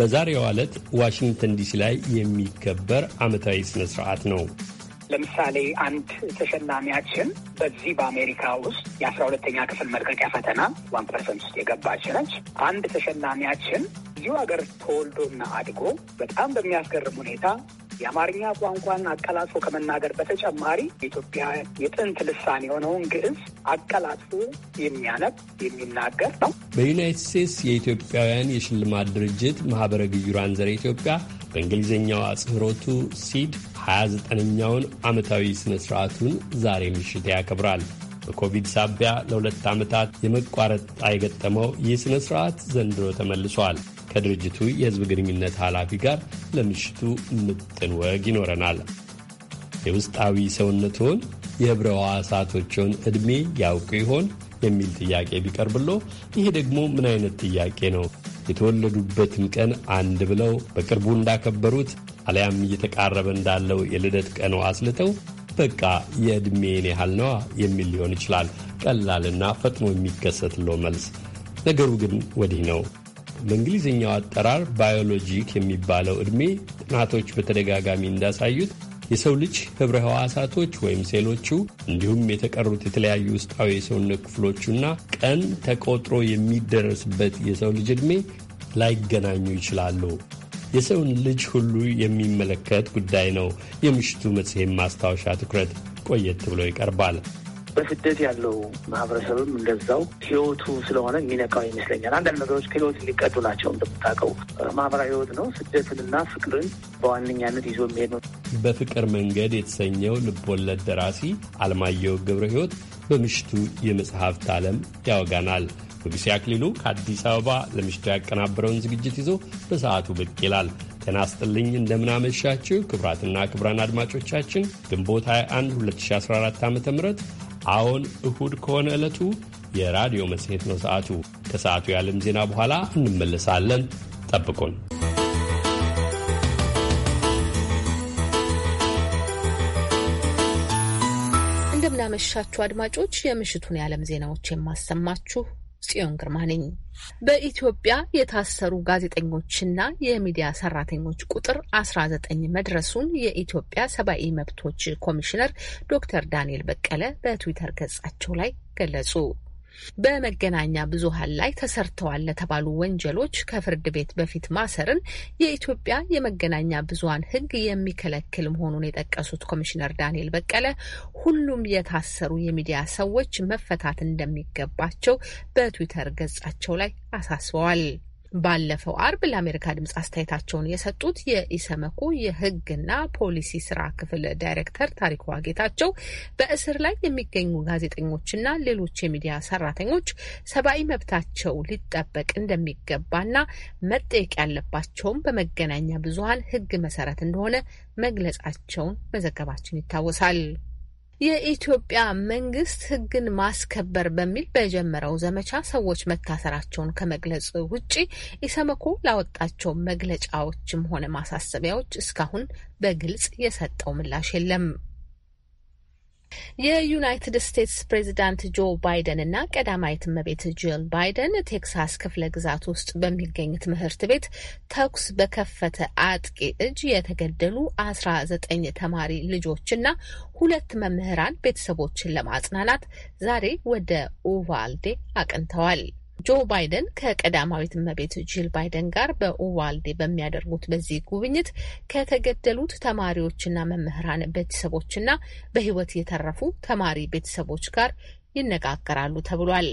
በዛሬው ዕለት ዋሽንግተን ዲሲ ላይ የሚከበር ዓመታዊ ስነ ስርዓት ነው። ለምሳሌ አንድ ተሸላሚያችን በዚህ በአሜሪካ ውስጥ የአስራ ሁለተኛ ክፍል መልቀቂያ ፈተና ዋን ፐርሰንት ውስጥ የገባች ነች። አንድ ተሸላሚያችን እዚሁ ሀገር ተወልዶና አድጎ በጣም በሚያስገርም ሁኔታ የአማርኛ ቋንቋን አቀላጥፎ ከመናገር በተጨማሪ የኢትዮጵያ የጥንት ልሳን የሆነውን ግዕዝ አቀላጥፎ የሚያነብ የሚናገር ነው። በዩናይትድ ስቴትስ የኢትዮጵያውያን የሽልማት ድርጅት ማህበረ ግዩራን ዘረ ኢትዮጵያ በእንግሊዝኛው አጽህሮቱ ሲድ 29ኛውን ዓመታዊ ሥነ ሥርዓቱን ዛሬ ምሽት ያከብራል። በኮቪድ ሳቢያ ለሁለት ዓመታት የመቋረጥ ጣ የገጠመው ይህ ሥነ ሥርዓት ዘንድሮ ተመልሷል። ከድርጅቱ የሕዝብ ግንኙነት ኃላፊ ጋር ለምሽቱ ምጥን ወግ ይኖረናል። የውስጣዊ ሰውነትዎን የኅብረ ሕዋሳቶችዎን ዕድሜ ያውቁ ይሆን የሚል ጥያቄ ቢቀርብሎ፣ ይሄ ደግሞ ምን አይነት ጥያቄ ነው? የተወለዱበትን ቀን አንድ ብለው በቅርቡ እንዳከበሩት አሊያም እየተቃረበ እንዳለው የልደት ቀን አስልተው በቃ የዕድሜን ያህል ነዋ የሚል ሊሆን ይችላል ቀላልና ፈጥኖ የሚከሰትለው መልስ። ነገሩ ግን ወዲህ ነው። በእንግሊዝኛው አጠራር ባዮሎጂክ የሚባለው ዕድሜ ጥናቶች በተደጋጋሚ እንዳሳዩት የሰው ልጅ ኅብረ ሕዋሳቶች ወይም ሴሎቹ እንዲሁም የተቀሩት የተለያዩ ውስጣዊ የሰውነት ክፍሎቹና ቀን ተቆጥሮ የሚደረስበት የሰው ልጅ ዕድሜ ላይገናኙ ይችላሉ። የሰውን ልጅ ሁሉ የሚመለከት ጉዳይ ነው። የምሽቱ መጽሔት ማስታወሻ ትኩረት ቆየት ብሎ ይቀርባል። በስደት ያለው ማህበረሰብም እንደዛው ህይወቱ ስለሆነ የሚነካው ይመስለኛል። አንዳንድ ነገሮች ከህይወት ሊቀጡ ናቸው። እንደምታውቀው ማህበራዊ ህይወት ነው። ስደትንና ፍቅርን በዋነኛነት ይዞ የሚሄድ ነው። በፍቅር መንገድ የተሰኘው ልቦለድ ደራሲ አለማየሁ ገብረ ህይወት በምሽቱ የመጽሐፍት ዓለም ያወጋናል። ንጉሴ አክሊሉ ከአዲስ አበባ ለምሽቱ ያቀናበረውን ዝግጅት ይዞ በሰዓቱ ብቅ ይላል። ጤና ይስጥልኝ እንደምናመሻችሁ ክቡራትና ክቡራን አድማጮቻችን ግንቦት 21 2014 ዓ ም አዎን እሁድ ከሆነ ዕለቱ የራዲዮ መጽሔት ነው። ሰዓቱ ከሰዓቱ የዓለም ዜና በኋላ እንመለሳለን። ጠብቁን። እንደምናመሻችሁ አድማጮች፣ የምሽቱን የዓለም ዜናዎች የማሰማችሁ ጽዮን ግርማ ነኝ። በኢትዮጵያ የታሰሩ ጋዜጠኞችና የሚዲያ ሰራተኞች ቁጥር 19 መድረሱን የኢትዮጵያ ሰብአዊ መብቶች ኮሚሽነር ዶክተር ዳንኤል በቀለ በትዊተር ገጻቸው ላይ ገለጹ። በመገናኛ ብዙሃን ላይ ተሰርተዋል ለተባሉ ወንጀሎች ከፍርድ ቤት በፊት ማሰርን የኢትዮጵያ የመገናኛ ብዙሃን ሕግ የሚከለክል መሆኑን የጠቀሱት ኮሚሽነር ዳንኤል በቀለ ሁሉም የታሰሩ የሚዲያ ሰዎች መፈታት እንደሚገባቸው በትዊተር ገጻቸው ላይ አሳስበዋል። ባለፈው አርብ ለአሜሪካ ድምጽ አስተያየታቸውን የሰጡት የኢሰመኮ የሕግና ፖሊሲ ስራ ክፍል ዳይሬክተር ታሪኩ ዋጌታቸው በእስር ላይ የሚገኙ ጋዜጠኞችና ሌሎች የሚዲያ ሰራተኞች ሰብአዊ መብታቸው ሊጠበቅ እንደሚገባና መጠየቅ ያለባቸውም በመገናኛ ብዙኃን ሕግ መሰረት እንደሆነ መግለጻቸውን መዘገባችን ይታወሳል። የኢትዮጵያ መንግስት ህግን ማስከበር በሚል በጀመረው ዘመቻ ሰዎች መታሰራቸውን ከመግለጽ ውጪ ኢሰመኮ ላወጣቸው መግለጫዎችም ሆነ ማሳሰቢያዎች እስካሁን በግልጽ የሰጠው ምላሽ የለም። የዩናይትድ ስቴትስ ፕሬዚዳንት ጆ ባይደን እና ቀዳማዊት እመቤት ጂል ባይደን ቴክሳስ ክፍለ ግዛት ውስጥ በሚገኝ ትምህርት ቤት ተኩስ በከፈተ አጥቂ እጅ የተገደሉ አስራ ዘጠኝ ተማሪ ልጆችና ሁለት መምህራን ቤተሰቦችን ለማጽናናት ዛሬ ወደ ኡቫልዴ አቅንተዋል። ጆ ባይደን ከቀዳማዊት እመቤት ጂል ባይደን ጋር በኡዋልዴ በሚያደርጉት በዚህ ጉብኝት ከተገደሉት ተማሪዎችና መምህራን ቤተሰቦችና በሕይወት የተረፉ ተማሪ ቤተሰቦች ጋር ይነጋገራሉ ተብሏል።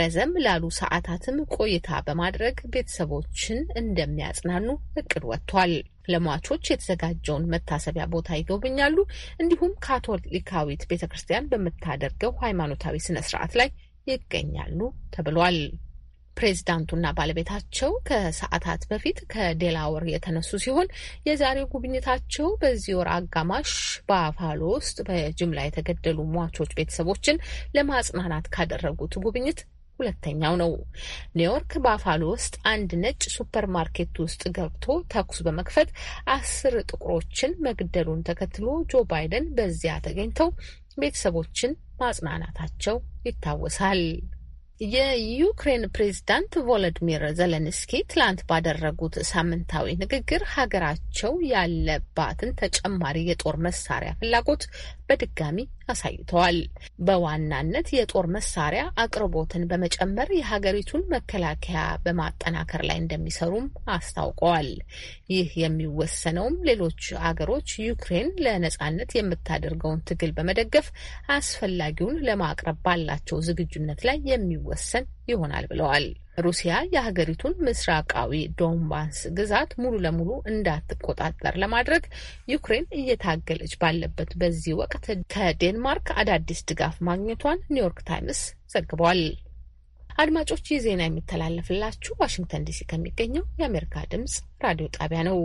ረዘም ላሉ ሰዓታትም ቆይታ በማድረግ ቤተሰቦችን እንደሚያጽናኑ እቅድ ወጥቷል። ለሟቾች የተዘጋጀውን መታሰቢያ ቦታ ይጎበኛሉ። እንዲሁም ካቶሊካዊት ቤተ ክርስቲያን በምታደርገው ሃይማኖታዊ ስነ ስርዓት ላይ ይገኛሉ ተብሏል። ፕሬዚዳንቱና ባለቤታቸው ከሰዓታት በፊት ከዴላወር የተነሱ ሲሆን የዛሬው ጉብኝታቸው በዚህ ወር አጋማሽ በአፋሎ ውስጥ በጅምላ የተገደሉ ሟቾች ቤተሰቦችን ለማጽናናት ካደረጉት ጉብኝት ሁለተኛው ነው። ኒውዮርክ ባፋሎ ውስጥ አንድ ነጭ ሱፐር ማርኬት ውስጥ ገብቶ ተኩስ በመክፈት አስር ጥቁሮችን መግደሉን ተከትሎ ጆ ባይደን በዚያ ተገኝተው ቤተሰቦችን ማጽናናታቸው ይታወሳል። የዩክሬን ፕሬዝዳንት ቮሎዲሚር ዘለንስኪ ትላንት ባደረጉት ሳምንታዊ ንግግር ሀገራቸው ያለባትን ተጨማሪ የጦር መሳሪያ ፍላጎት በድጋሚ አሳይተዋል። በዋናነት የጦር መሳሪያ አቅርቦትን በመጨመር የሀገሪቱን መከላከያ በማጠናከር ላይ እንደሚሰሩም አስታውቀዋል። ይህ የሚወሰነውም ሌሎች አገሮች ዩክሬን ለነጻነት የምታደርገውን ትግል በመደገፍ አስፈላጊውን ለማቅረብ ባላቸው ዝግጁነት ላይ የሚወሰን ይሆናል ብለዋል። ሩሲያ የሀገሪቱን ምስራቃዊ ዶንባስ ግዛት ሙሉ ለሙሉ እንዳትቆጣጠር ለማድረግ ዩክሬን እየታገለች ባለበት በዚህ ወቅት ከዴንማርክ አዳዲስ ድጋፍ ማግኘቷን ኒውዮርክ ታይምስ ዘግቧል። አድማጮች ይህ ዜና የሚተላለፍላችሁ ዋሽንግተን ዲሲ ከሚገኘው የአሜሪካ ድምጽ ራዲዮ ጣቢያ ነው።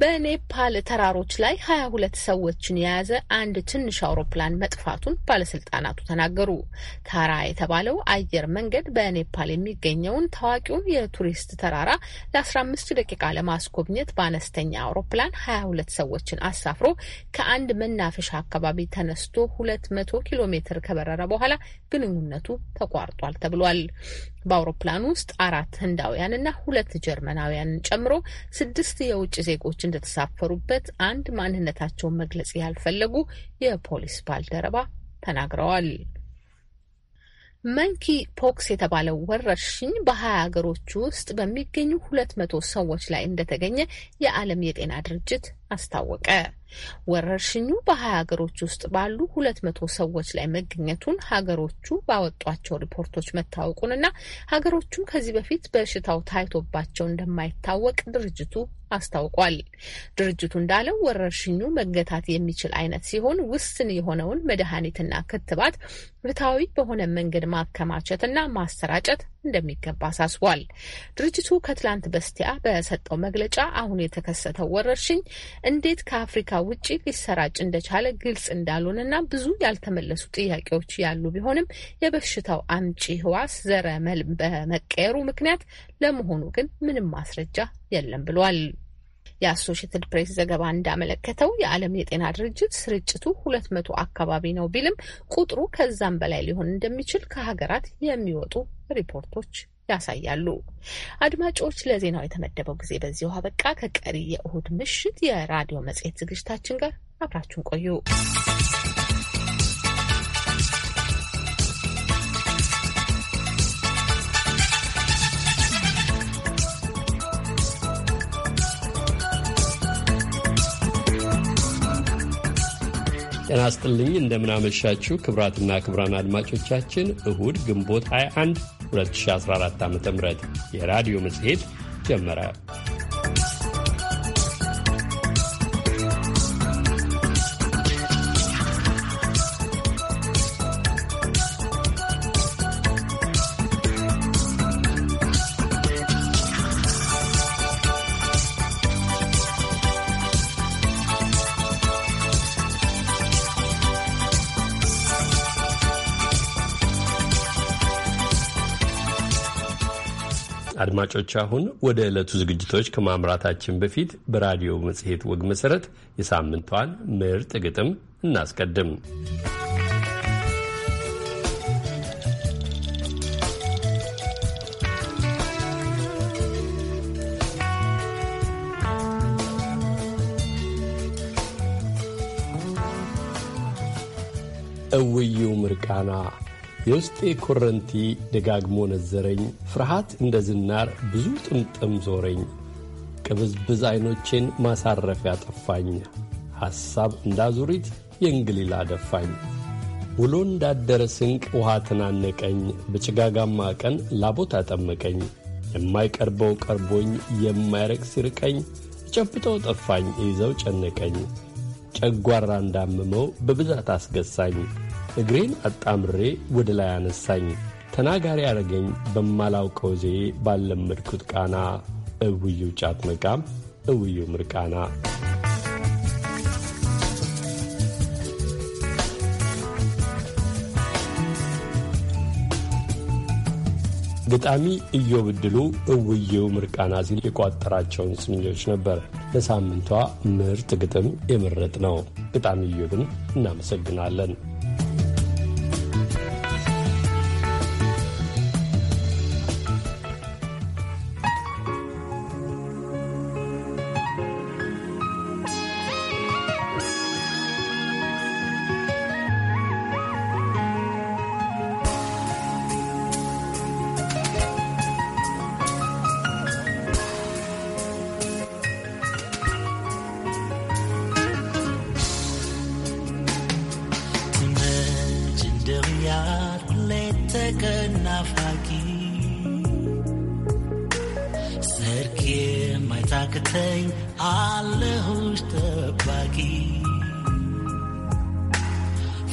በኔፓል ተራሮች ላይ ሀያ ሁለት ሰዎችን የያዘ አንድ ትንሽ አውሮፕላን መጥፋቱን ባለስልጣናቱ ተናገሩ። ታራ የተባለው አየር መንገድ በኔፓል የሚገኘውን ታዋቂውን የቱሪስት ተራራ ለአስራ 15 ደቂቃ ለማስጎብኘት በአነስተኛ አውሮፕላን ሀያ ሁለት ሰዎችን አሳፍሮ ከአንድ መናፈሻ አካባቢ ተነስቶ ሁለት መቶ ኪሎ ሜትር ከበረረ በኋላ ግንኙነቱ ተቋርጧል ተብሏል። በአውሮፕላኑ ውስጥ አራት ህንዳውያንና ሁለት ጀርመናውያንን ጨምሮ ስድስት የውጭ ዜጎች እንደተሳፈሩበት አንድ ማንነታቸውን መግለጽ ያልፈለጉ የፖሊስ ባልደረባ ተናግረዋል። መንኪ ፖክስ የተባለው ወረርሽኝ በሀያ ሀገሮች ውስጥ በሚገኙ ሁለት መቶ ሰዎች ላይ እንደተገኘ የዓለም የጤና ድርጅት አስታወቀ። ወረርሽኙ በሀያ ሀገሮች ውስጥ ባሉ ሁለት መቶ ሰዎች ላይ መገኘቱን ሀገሮቹ ባወጧቸው ሪፖርቶች መታወቁንና ሀገሮቹም ከዚህ በፊት በሽታው ታይቶባቸው እንደማይታወቅ ድርጅቱ አስታውቋል። ድርጅቱ እንዳለው ወረርሽኙ መገታት የሚችል አይነት ሲሆን ውስን የሆነውን መድኃኒትና ክትባት ፍትሐዊ በሆነ መንገድ ማከማቸትና ማሰራጨት እንደሚገባ አሳስቧል። ድርጅቱ ከትላንት በስቲያ በሰጠው መግለጫ አሁን የተከሰተው ወረርሽኝ እንዴት ከአፍሪካ ውጪ ሊሰራጭ እንደቻለ ግልጽ እንዳልሆነና ብዙ ያልተመለሱ ጥያቄዎች ያሉ ቢሆንም የበሽታው አምጪ ህዋስ ዘረመል በመቀየሩ ምክንያት ለመሆኑ ግን ምንም ማስረጃ የለም ብሏል። የአሶሽትድ ፕሬስ ዘገባ እንዳመለከተው የዓለም የጤና ድርጅት ስርጭቱ ሁለት መቶ አካባቢ ነው ቢልም ቁጥሩ ከዛም በላይ ሊሆን እንደሚችል ከሀገራት የሚወጡ ሪፖርቶች ያሳያሉ። አድማጮች፣ ለዜናው የተመደበው ጊዜ በዚህ ውሃ በቃ። ከቀሪ የእሁድ ምሽት የራዲዮ መጽሔት ዝግጅታችን ጋር አብራችሁን ቆዩ። ጤና ይስጥልኝ እንደምናመሻችሁ ክብራትና ክብራን አድማጮቻችን እሁድ ግንቦት 21 2014 ዓ ም የራዲዮ መጽሔት ጀመረ። አድማጮች አሁን ወደ ዕለቱ ዝግጅቶች ከማምራታችን በፊት በራዲዮ መጽሔት ወግ መሠረት የሳምንቷን ምርጥ ግጥም እናስቀድም። እውዩ ምርቃና የውስጤ ኮረንቲ ደጋግሞ ነዘረኝ፣ ፍርሃት እንደ ዝናር ብዙ ጥምጥም ዞረኝ፣ ቅብዝብዝ ዐይኖቼን ማሳረፊያ ጠፋኝ፣ ሐሳብ እንዳዙሪት የእንግሊላ ደፋኝ፣ ውሎ እንዳደረ ስንቅ ውሃ ተናነቀኝ፣ በጭጋጋማ ቀን ላቦት አጠመቀኝ፣ የማይቀርበው ቀርቦኝ የማይረቅ ሲርቀኝ፣ ጨብጠው ጠፋኝ ይዘው ጨነቀኝ፣ ጨጓራ እንዳመመው በብዛት አስገሳኝ እግሬን አጣምሬ ወደ ላይ አነሳኝ ተናጋሪ አረገኝ በማላውቀው ዜ ባለመድኩት ቃና እውዩ ጫት መቃም እውዩ ምርቃና ገጣሚ እዮብ እድሉ እውዬው ምርቃና ሲል የቋጠራቸውን ስንኞች ነበር ለሳምንቷ ምርጥ ግጥም የመረጥ ነው። ገጣሚ እዮብን እናመሰግናለን። ጠባቂ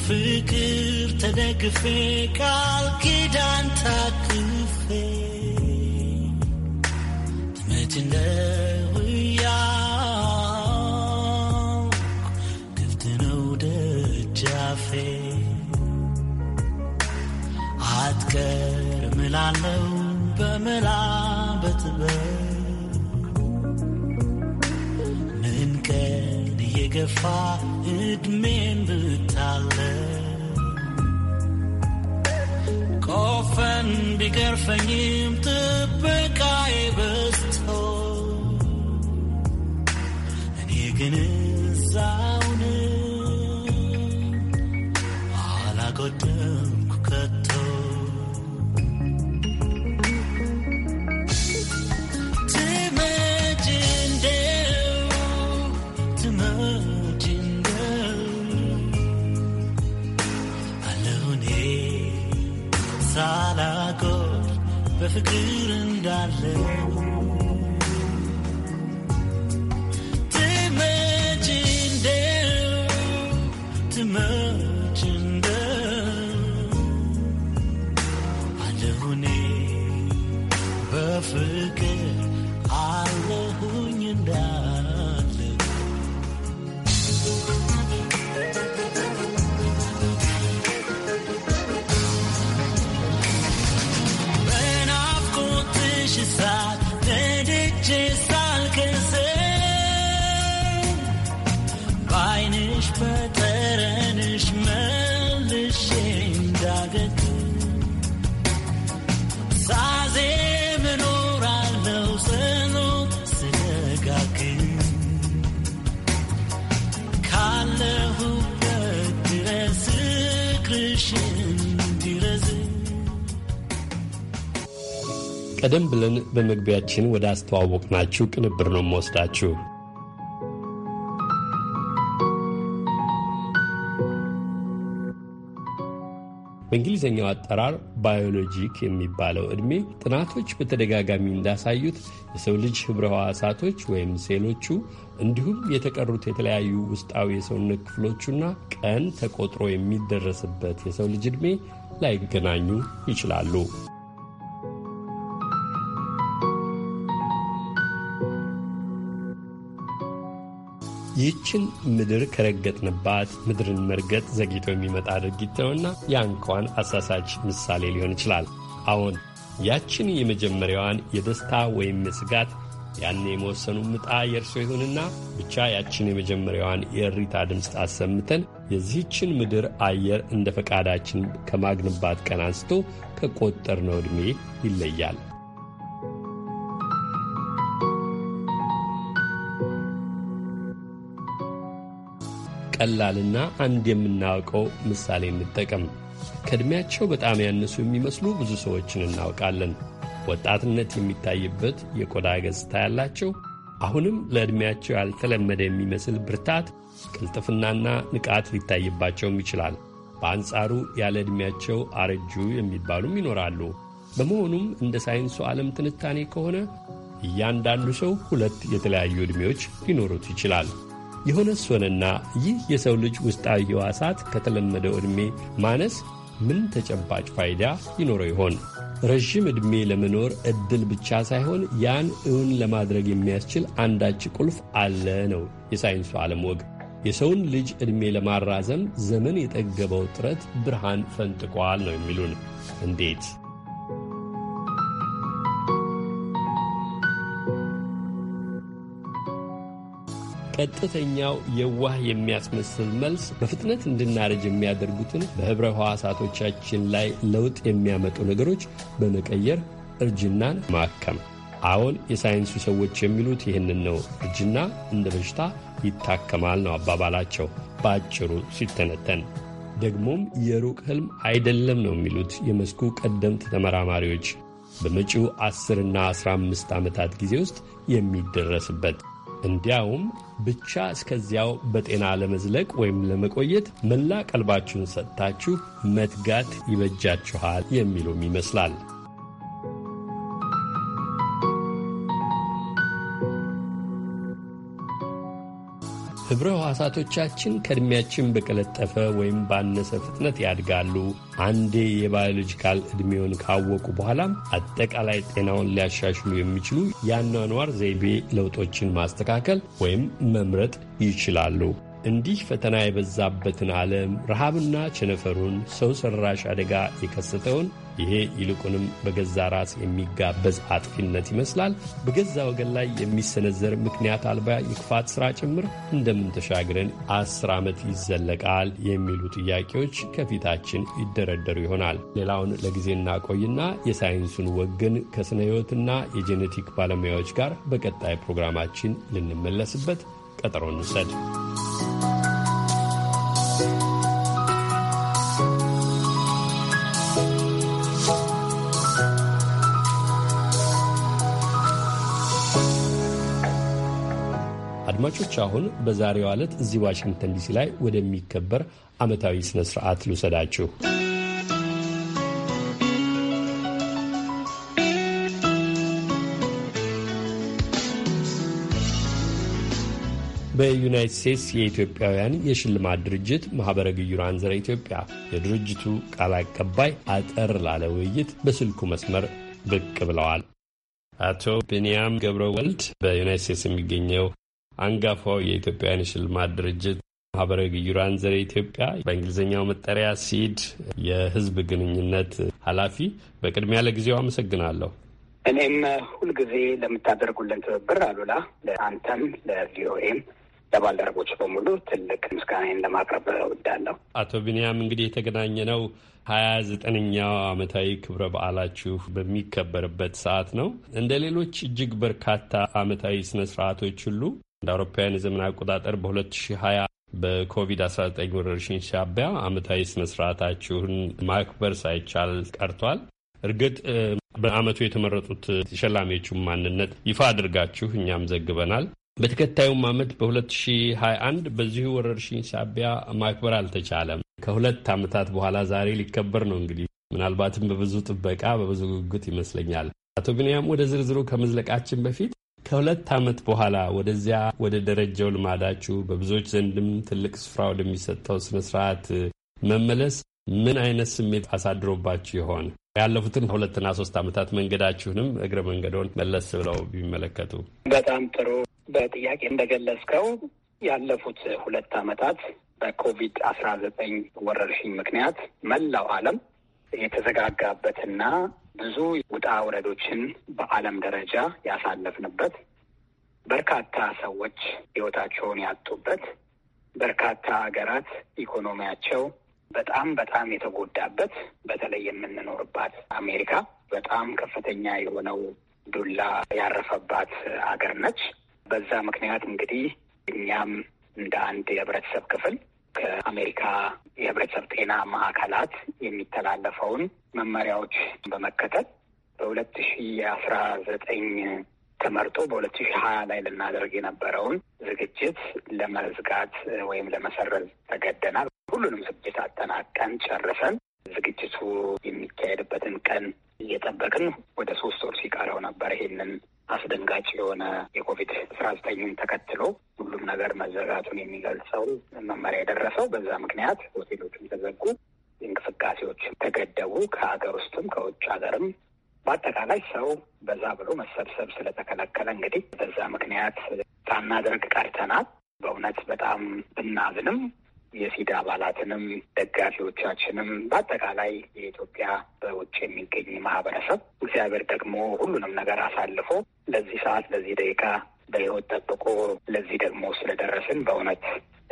ፍቅር ተደግፌ ቃል ኪዳን ታቅፌ ትመጭ እንደውያው ክፍት ነው ደጃፌ አትቀር እምላለሁ በምላ በትበ የገፋ እድሜን ብታለን ቆፈን ቢገርፈኝም ጥበቃዬ በዝቶ እኔ ግን ፍቅር እንዳለ ቀደም ብለን በመግቢያችን ወደ አስተዋወቅናችሁ ቅንብር ነው የምወስዳችሁ። በእንግሊዝኛው አጠራር ባዮሎጂክ የሚባለው ዕድሜ ጥናቶች በተደጋጋሚ እንዳሳዩት የሰው ልጅ ህብረ ሕዋሳቶች ወይም ሴሎቹ እንዲሁም የተቀሩት የተለያዩ ውስጣዊ የሰውነት ክፍሎቹና ቀን ተቆጥሮ የሚደረስበት የሰው ልጅ ዕድሜ ላይገናኙ ይችላሉ። ይህችን ምድር ከረገጥንባት ምድርን መርገጥ ዘግይቶ የሚመጣ ድርጊት ነውና ያ እንኳን አሳሳች ምሳሌ ሊሆን ይችላል። አዎን ያችን የመጀመሪያዋን የደስታ ወይም የስጋት ያኔ የመወሰኑ ምጣ የእርሶ ይሁንና ብቻ ያችን የመጀመሪያዋን የእሪታ ድምፅ አሰምተን የዚህችን ምድር አየር እንደ ፈቃዳችን ከማግንባት ቀን አንስቶ ከቆጠርነው ዕድሜ ይለያል። ቀላልና አንድ የምናውቀው ምሳሌ እንጠቀም። ከዕድሜያቸው በጣም ያነሱ የሚመስሉ ብዙ ሰዎችን እናውቃለን። ወጣትነት የሚታይበት የቆዳ ገጽታ ያላቸው፣ አሁንም ለዕድሜያቸው ያልተለመደ የሚመስል ብርታት፣ ቅልጥፍናና ንቃት ሊታይባቸውም ይችላል። በአንጻሩ ያለ ዕድሜያቸው አረጁ የሚባሉም ይኖራሉ። በመሆኑም እንደ ሳይንሱ ዓለም ትንታኔ ከሆነ እያንዳንዱ ሰው ሁለት የተለያዩ ዕድሜዎች ሊኖሩት ይችላል። የሆነ ሶንና ይህ የሰው ልጅ ውስጣዊ ሕዋሳት ከተለመደው ዕድሜ ማነስ ምን ተጨባጭ ፋይዳ ይኖረው ይሆን? ረዥም ዕድሜ ለመኖር ዕድል ብቻ ሳይሆን ያን እውን ለማድረግ የሚያስችል አንዳች ቁልፍ አለ ነው የሳይንሱ ዓለም ወግ። የሰውን ልጅ ዕድሜ ለማራዘም ዘመን የጠገበው ጥረት ብርሃን ፈንጥቋል ነው የሚሉን። እንዴት ቀጥተኛው የዋህ የሚያስመስል መልስ በፍጥነት እንድናረጅ የሚያደርጉትን በህብረ ሕዋሳቶቻችን ላይ ለውጥ የሚያመጡ ነገሮች በመቀየር እርጅናን ማከም። አዎን የሳይንሱ ሰዎች የሚሉት ይህንን ነው። እርጅና እንደ በሽታ ይታከማል ነው አባባላቸው በአጭሩ ሲተነተን። ደግሞም የሩቅ ህልም አይደለም ነው የሚሉት የመስኩ ቀደምት ተመራማሪዎች በመጪው 10ና 15 ዓመታት ጊዜ ውስጥ የሚደረስበት እንዲያውም ብቻ እስከዚያው በጤና ለመዝለቅ ወይም ለመቆየት መላ ቀልባችሁን ሰጥታችሁ መትጋት ይበጃችኋል የሚሉም ይመስላል። ህብረ ሕዋሳቶቻችን ከዕድሜያችን በቀለጠፈ ወይም ባነሰ ፍጥነት ያድጋሉ። አንዴ የባዮሎጂካል ዕድሜውን ካወቁ በኋላም አጠቃላይ ጤናውን ሊያሻሽሉ የሚችሉ የአኗኗር ዘይቤ ለውጦችን ማስተካከል ወይም መምረጥ ይችላሉ። እንዲህ ፈተና የበዛበትን ዓለም ረሃብና ቸነፈሩን ሰው ሠራሽ አደጋ የከሰተውን ይሄ ይልቁንም በገዛ ራስ የሚጋበዝ አጥፊነት ይመስላል በገዛ ወገን ላይ የሚሰነዘር ምክንያት አልባ የክፋት ሥራ ጭምር እንደምን ተሻግረን አስር ዓመት ይዘለቃል የሚሉ ጥያቄዎች ከፊታችን ይደረደሩ ይሆናል። ሌላውን ለጊዜ እናቆይና የሳይንሱን ወግን ከሥነ ሕይወትና የጄኔቲክ ባለሙያዎች ጋር በቀጣይ ፕሮግራማችን ልንመለስበት ቀጠሮ እንውሰድ። አድማጮች፣ አሁን በዛሬው ዕለት እዚህ ዋሽንግተን ዲሲ ላይ ወደሚከበር ዓመታዊ ስነ ስርዓት ልውሰዳችሁ። በዩናይት ስቴትስ የኢትዮጵያውያን የሽልማት ድርጅት ማኅበረ ግዩራን ዘረ ኢትዮጵያ የድርጅቱ ቃል አቀባይ አጠር ላለ ውይይት በስልኩ መስመር ብቅ ብለዋል። አቶ ብንያም ገብረ ወልድ በዩናይት ስቴትስ የሚገኘው አንጋፋው የኢትዮጵያውያን የሽልማት ድርጅት ማህበረ ግዩራን ዘረ ኢትዮጵያ በእንግሊዝኛው መጠሪያ ሲድ የህዝብ ግንኙነት ኃላፊ፣ በቅድሚያ ለጊዜው አመሰግናለሁ። እኔም ሁልጊዜ ለምታደርጉልን ትብብር አሉላ፣ ለአንተም፣ ለቪኦኤም ለባልደረቦች በሙሉ ትልቅ ምስጋናን ለማቅረብ እወዳለሁ። አቶ ቢንያም እንግዲህ የተገናኘ ነው ሀያ ዘጠነኛው አመታዊ ክብረ በዓላችሁ በሚከበርበት ሰዓት ነው። እንደ ሌሎች እጅግ በርካታ ዓመታዊ ስነ ስርዓቶች ሁሉ እንደ አውሮፓውያን የዘመን አቆጣጠር በ2020 በኮቪድ-19 ወረርሽኝ ሳቢያ አመታዊ ስነስርዓታችሁን ማክበር ሳይቻል ቀርቷል። እርግጥ በአመቱ የተመረጡት ተሸላሚዎቹን ማንነት ይፋ አድርጋችሁ እኛም ዘግበናል። በተከታዩም አመት በ2021 በዚሁ ወረርሽኝ ሳቢያ ማክበር አልተቻለም። ከሁለት ዓመታት በኋላ ዛሬ ሊከበር ነው። እንግዲህ ምናልባትም በብዙ ጥበቃ፣ በብዙ ጉጉት ይመስለኛል። አቶ ብንያም ወደ ዝርዝሩ ከመዝለቃችን በፊት ከሁለት ዓመት በኋላ ወደዚያ ወደ ደረጀው ልማዳችሁ በብዙዎች ዘንድም ትልቅ ስፍራ ወደሚሰጠው ስነ ስርዓት መመለስ ምን አይነት ስሜት አሳድሮባችሁ ይሆን? ያለፉትን ሁለትና ሶስት ዓመታት መንገዳችሁንም እግረ መንገዶን መለስ ብለው ቢመለከቱ። በጣም ጥሩ። በጥያቄ እንደገለጽከው ያለፉት ሁለት ዓመታት በኮቪድ አስራ ዘጠኝ ወረርሽኝ ምክንያት መላው ዓለም የተዘጋጋበትና ብዙ ውጣ ውረዶችን በዓለም ደረጃ ያሳለፍንበት በርካታ ሰዎች ህይወታቸውን ያጡበት በርካታ ሀገራት ኢኮኖሚያቸው በጣም በጣም የተጎዳበት በተለይ የምንኖርባት አሜሪካ በጣም ከፍተኛ የሆነው ዱላ ያረፈባት ሀገር ነች። በዛ ምክንያት እንግዲህ እኛም እንደ አንድ የህብረተሰብ ክፍል ከአሜሪካ የህብረተሰብ ጤና ማዕከላት የሚተላለፈውን መመሪያዎች በመከተል በሁለት ሺ አስራ ዘጠኝ ተመርጦ በሁለት ሺ ሀያ ላይ ልናደርግ የነበረውን ዝግጅት ለመዝጋት ወይም ለመሰረዝ ተገደናል። ሁሉንም ዝግጅት አጠናቀን ጨርሰን ዝግጅቱ የሚካሄድበትን ቀን እየጠበቅን ወደ ሶስት ወር ሲቀረው ነበር ይሄንን አስደንጋጭ የሆነ የኮቪድ አስራ ዘጠኝን ተከትሎ ሁሉም ነገር መዘጋቱን የሚገልጸው መመሪያ የደረሰው በዛ ምክንያት ሆቴሎችም ተዘጉ፣ እንቅስቃሴዎችም ተገደቡ። ከሀገር ውስጥም ከውጭ ሀገርም በአጠቃላይ ሰው በዛ ብሎ መሰብሰብ ስለተከለከለ እንግዲህ በዛ ምክንያት ሳናደርግ ቀርተናል። በእውነት በጣም ብናዝንም የሲድ አባላትንም ደጋፊዎቻችንም በአጠቃላይ የኢትዮጵያ በውጭ የሚገኝ ማህበረሰብ እግዚአብሔር ደግሞ ሁሉንም ነገር አሳልፎ ለዚህ ሰዓት ለዚህ ደቂቃ በህይወት ጠብቆ ለዚህ ደግሞ ስለደረስን በእውነት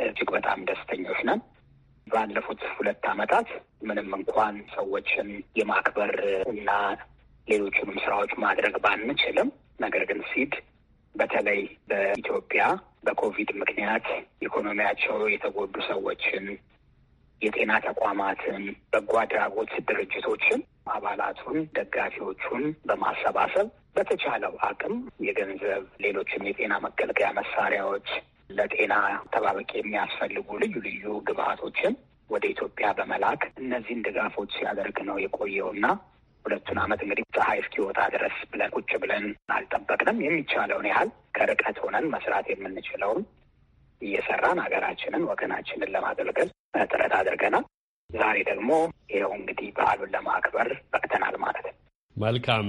እጅግ በጣም ደስተኞች ነን። ባለፉት ሁለት አመታት ምንም እንኳን ሰዎችን የማክበር እና ሌሎቹንም ስራዎች ማድረግ ባንችልም ነገር ግን ሲድ በተለይ በኢትዮጵያ በኮቪድ ምክንያት ኢኮኖሚያቸው የተጎዱ ሰዎችን፣ የጤና ተቋማትን፣ በጎ አድራጎት ድርጅቶችን፣ አባላቱን፣ ደጋፊዎቹን በማሰባሰብ በተቻለው አቅም የገንዘብ ሌሎችም የጤና መገልገያ መሳሪያዎች ለጤና ተባበቂ የሚያስፈልጉ ልዩ ልዩ ግብአቶችን ወደ ኢትዮጵያ በመላክ እነዚህን ድጋፎች ሲያደርግ ነው የቆየውና ሁለቱን ዓመት እንግዲህ ፀሐይ እስኪወጣ ድረስ ብለን ቁጭ ብለን አልጠበቅንም። የሚቻለውን ያህል ከርቀት ሆነን መስራት የምንችለውን እየሰራን ሀገራችንን ወገናችንን ለማገልገል ጥረት አድርገናል። ዛሬ ደግሞ ይኸው እንግዲህ በዓሉን ለማክበር በቅተናል ማለት ነው። መልካም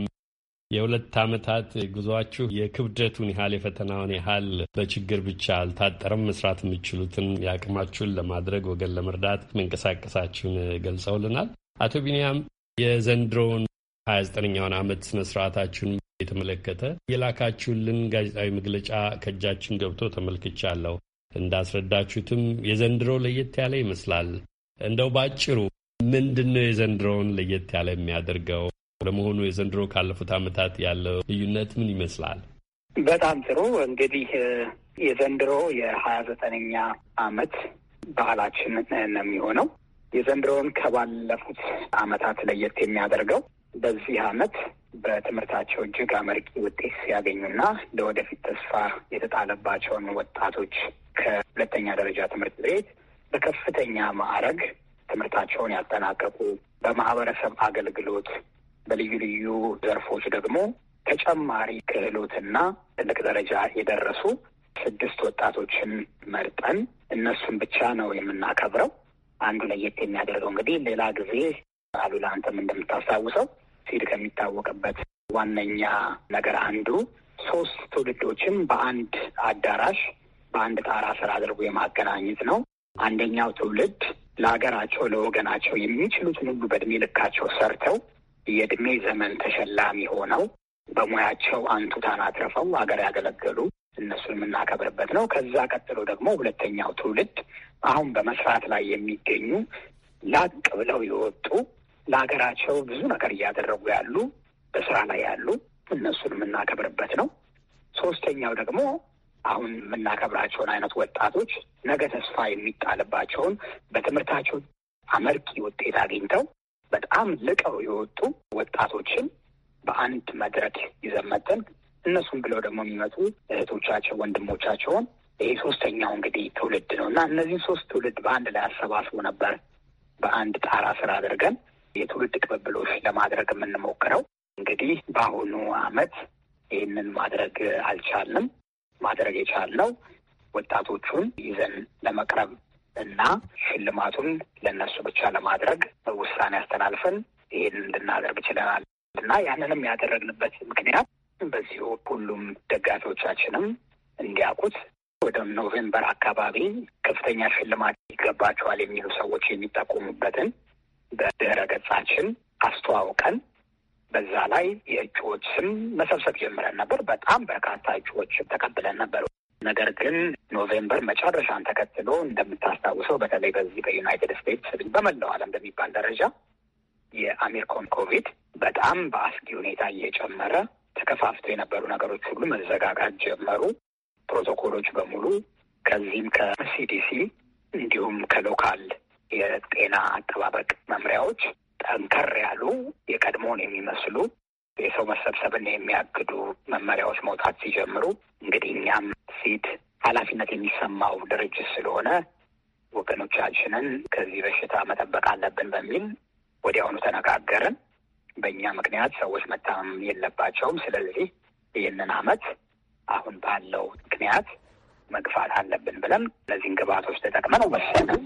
የሁለት ዓመታት ጉዟችሁ የክብደቱን ያህል የፈተናውን ያህል በችግር ብቻ አልታጠረም። መስራት የምችሉትን የአቅማችሁን ለማድረግ ወገን ለመርዳት መንቀሳቀሳችሁን ገልጸውልናል። አቶ ቢንያም የዘንድሮውን 29ኛውን ዓመት ስነ ስርዓታችሁን የተመለከተ የላካችሁልን ጋዜጣዊ መግለጫ ከእጃችን ገብቶ ተመልክቻለሁ። እንዳስረዳችሁትም የዘንድሮ ለየት ያለ ይመስላል። እንደው ባጭሩ ምንድን ነው የዘንድሮውን ለየት ያለ የሚያደርገው? ለመሆኑ የዘንድሮ ካለፉት ዓመታት ያለው ልዩነት ምን ይመስላል? በጣም ጥሩ እንግዲህ የዘንድሮ የሀያ ዘጠነኛ ዓመት ባህላችን ነው የሚሆነው። የዘንድሮውን ከባለፉት ዓመታት ለየት የሚያደርገው በዚህ አመት በትምህርታቸው እጅግ አመርቂ ውጤት ሲያገኙና ለወደፊት ተስፋ የተጣለባቸውን ወጣቶች ከሁለተኛ ደረጃ ትምህርት ቤት በከፍተኛ ማዕረግ ትምህርታቸውን ያጠናቀቁ በማህበረሰብ አገልግሎት በልዩ ልዩ ዘርፎች ደግሞ ተጨማሪ ክህሎትና ትልቅ ደረጃ የደረሱ ስድስት ወጣቶችን መርጠን እነሱን ብቻ ነው የምናከብረው። አንዱ ለየት የሚያደርገው እንግዲህ ሌላ ጊዜ አሉ ለአንተም እንደምታስታውሰው ሲድ ከሚታወቅበት ዋነኛ ነገር አንዱ ሶስት ትውልዶችን በአንድ አዳራሽ በአንድ ጣራ ስር አድርጎ የማገናኘት ነው። አንደኛው ትውልድ ለሀገራቸው ለወገናቸው የሚችሉትን ሁሉ በእድሜ ልካቸው ሰርተው የእድሜ ዘመን ተሸላሚ ሆነው በሙያቸው አንቱታን አትርፈው ሀገር ያገለገሉ እነሱን የምናከብርበት ነው። ከዛ ቀጥሎ ደግሞ ሁለተኛው ትውልድ አሁን በመስራት ላይ የሚገኙ ላቅ ብለው የወጡ ለሀገራቸው ብዙ ነገር እያደረጉ ያሉ በስራ ላይ ያሉ እነሱን የምናከብርበት ነው። ሶስተኛው ደግሞ አሁን የምናከብራቸውን አይነት ወጣቶች ነገ ተስፋ የሚጣልባቸውን በትምህርታቸው አመርቂ ውጤት አግኝተው በጣም ልቀው የወጡ ወጣቶችን በአንድ መድረክ ይዘን እነሱን እነሱም ብለው ደግሞ የሚመጡ እህቶቻቸው ወንድሞቻቸውን ይሄ ሶስተኛው እንግዲህ ትውልድ ነው እና እነዚህ ሶስት ትውልድ በአንድ ላይ አሰባስቦ ነበር በአንድ ጣራ ስራ አድርገን የትውልድ ቅብብሎች ለማድረግ የምንሞክረው። እንግዲህ በአሁኑ አመት ይህንን ማድረግ አልቻልንም። ማድረግ የቻልነው ወጣቶቹን ይዘን ለመቅረብ እና ሽልማቱን ለእነሱ ብቻ ለማድረግ ውሳኔ አስተላልፈን ይህንን እንድናደርግ ችለናል እና ያንንም ያደረግንበት ምክንያት በዚሁ ሁሉም ደጋፊዎቻችንም እንዲያውቁት ወደ ኖቬምበር አካባቢ ከፍተኛ ሽልማት ይገባቸዋል የሚሉ ሰዎች የሚጠቁሙበትን በድህረ ገጻችን አስተዋውቀን በዛ ላይ የእጩዎች ስም መሰብሰብ ጀምረን ነበር። በጣም በርካታ እጩዎች ተቀብለን ነበር። ነገር ግን ኖቬምበር መጨረሻን ተከትሎ እንደምታስታውሰው በተለይ በዚህ በዩናይትድ ስቴትስ በመላው ዓለም በሚባል ደረጃ የአሜሪካን ኮቪድ በጣም በአስጊ ሁኔታ እየጨመረ ተከፋፍቶ የነበሩ ነገሮች ሁሉ መዘጋጋት ጀመሩ። ፕሮቶኮሎች በሙሉ ከዚህም ከሲዲሲ እንዲሁም ከሎካል የጤና አጠባበቅ መምሪያዎች ጠንከር ያሉ የቀድሞውን የሚመስሉ የሰው መሰብሰብን የሚያግዱ መመሪያዎች መውጣት ሲጀምሩ እንግዲህ እኛም ሲድ ኃላፊነት የሚሰማው ድርጅት ስለሆነ ወገኖቻችንን ከዚህ በሽታ መጠበቅ አለብን በሚል ወዲያውኑ ተነጋገርን። በእኛ ምክንያት ሰዎች መታመም የለባቸውም። ስለዚህ ይህንን አመት አሁን ባለው ምክንያት መግፋት አለብን ብለን እነዚህን ግብዓቶች ተጠቅመን ወሰንን።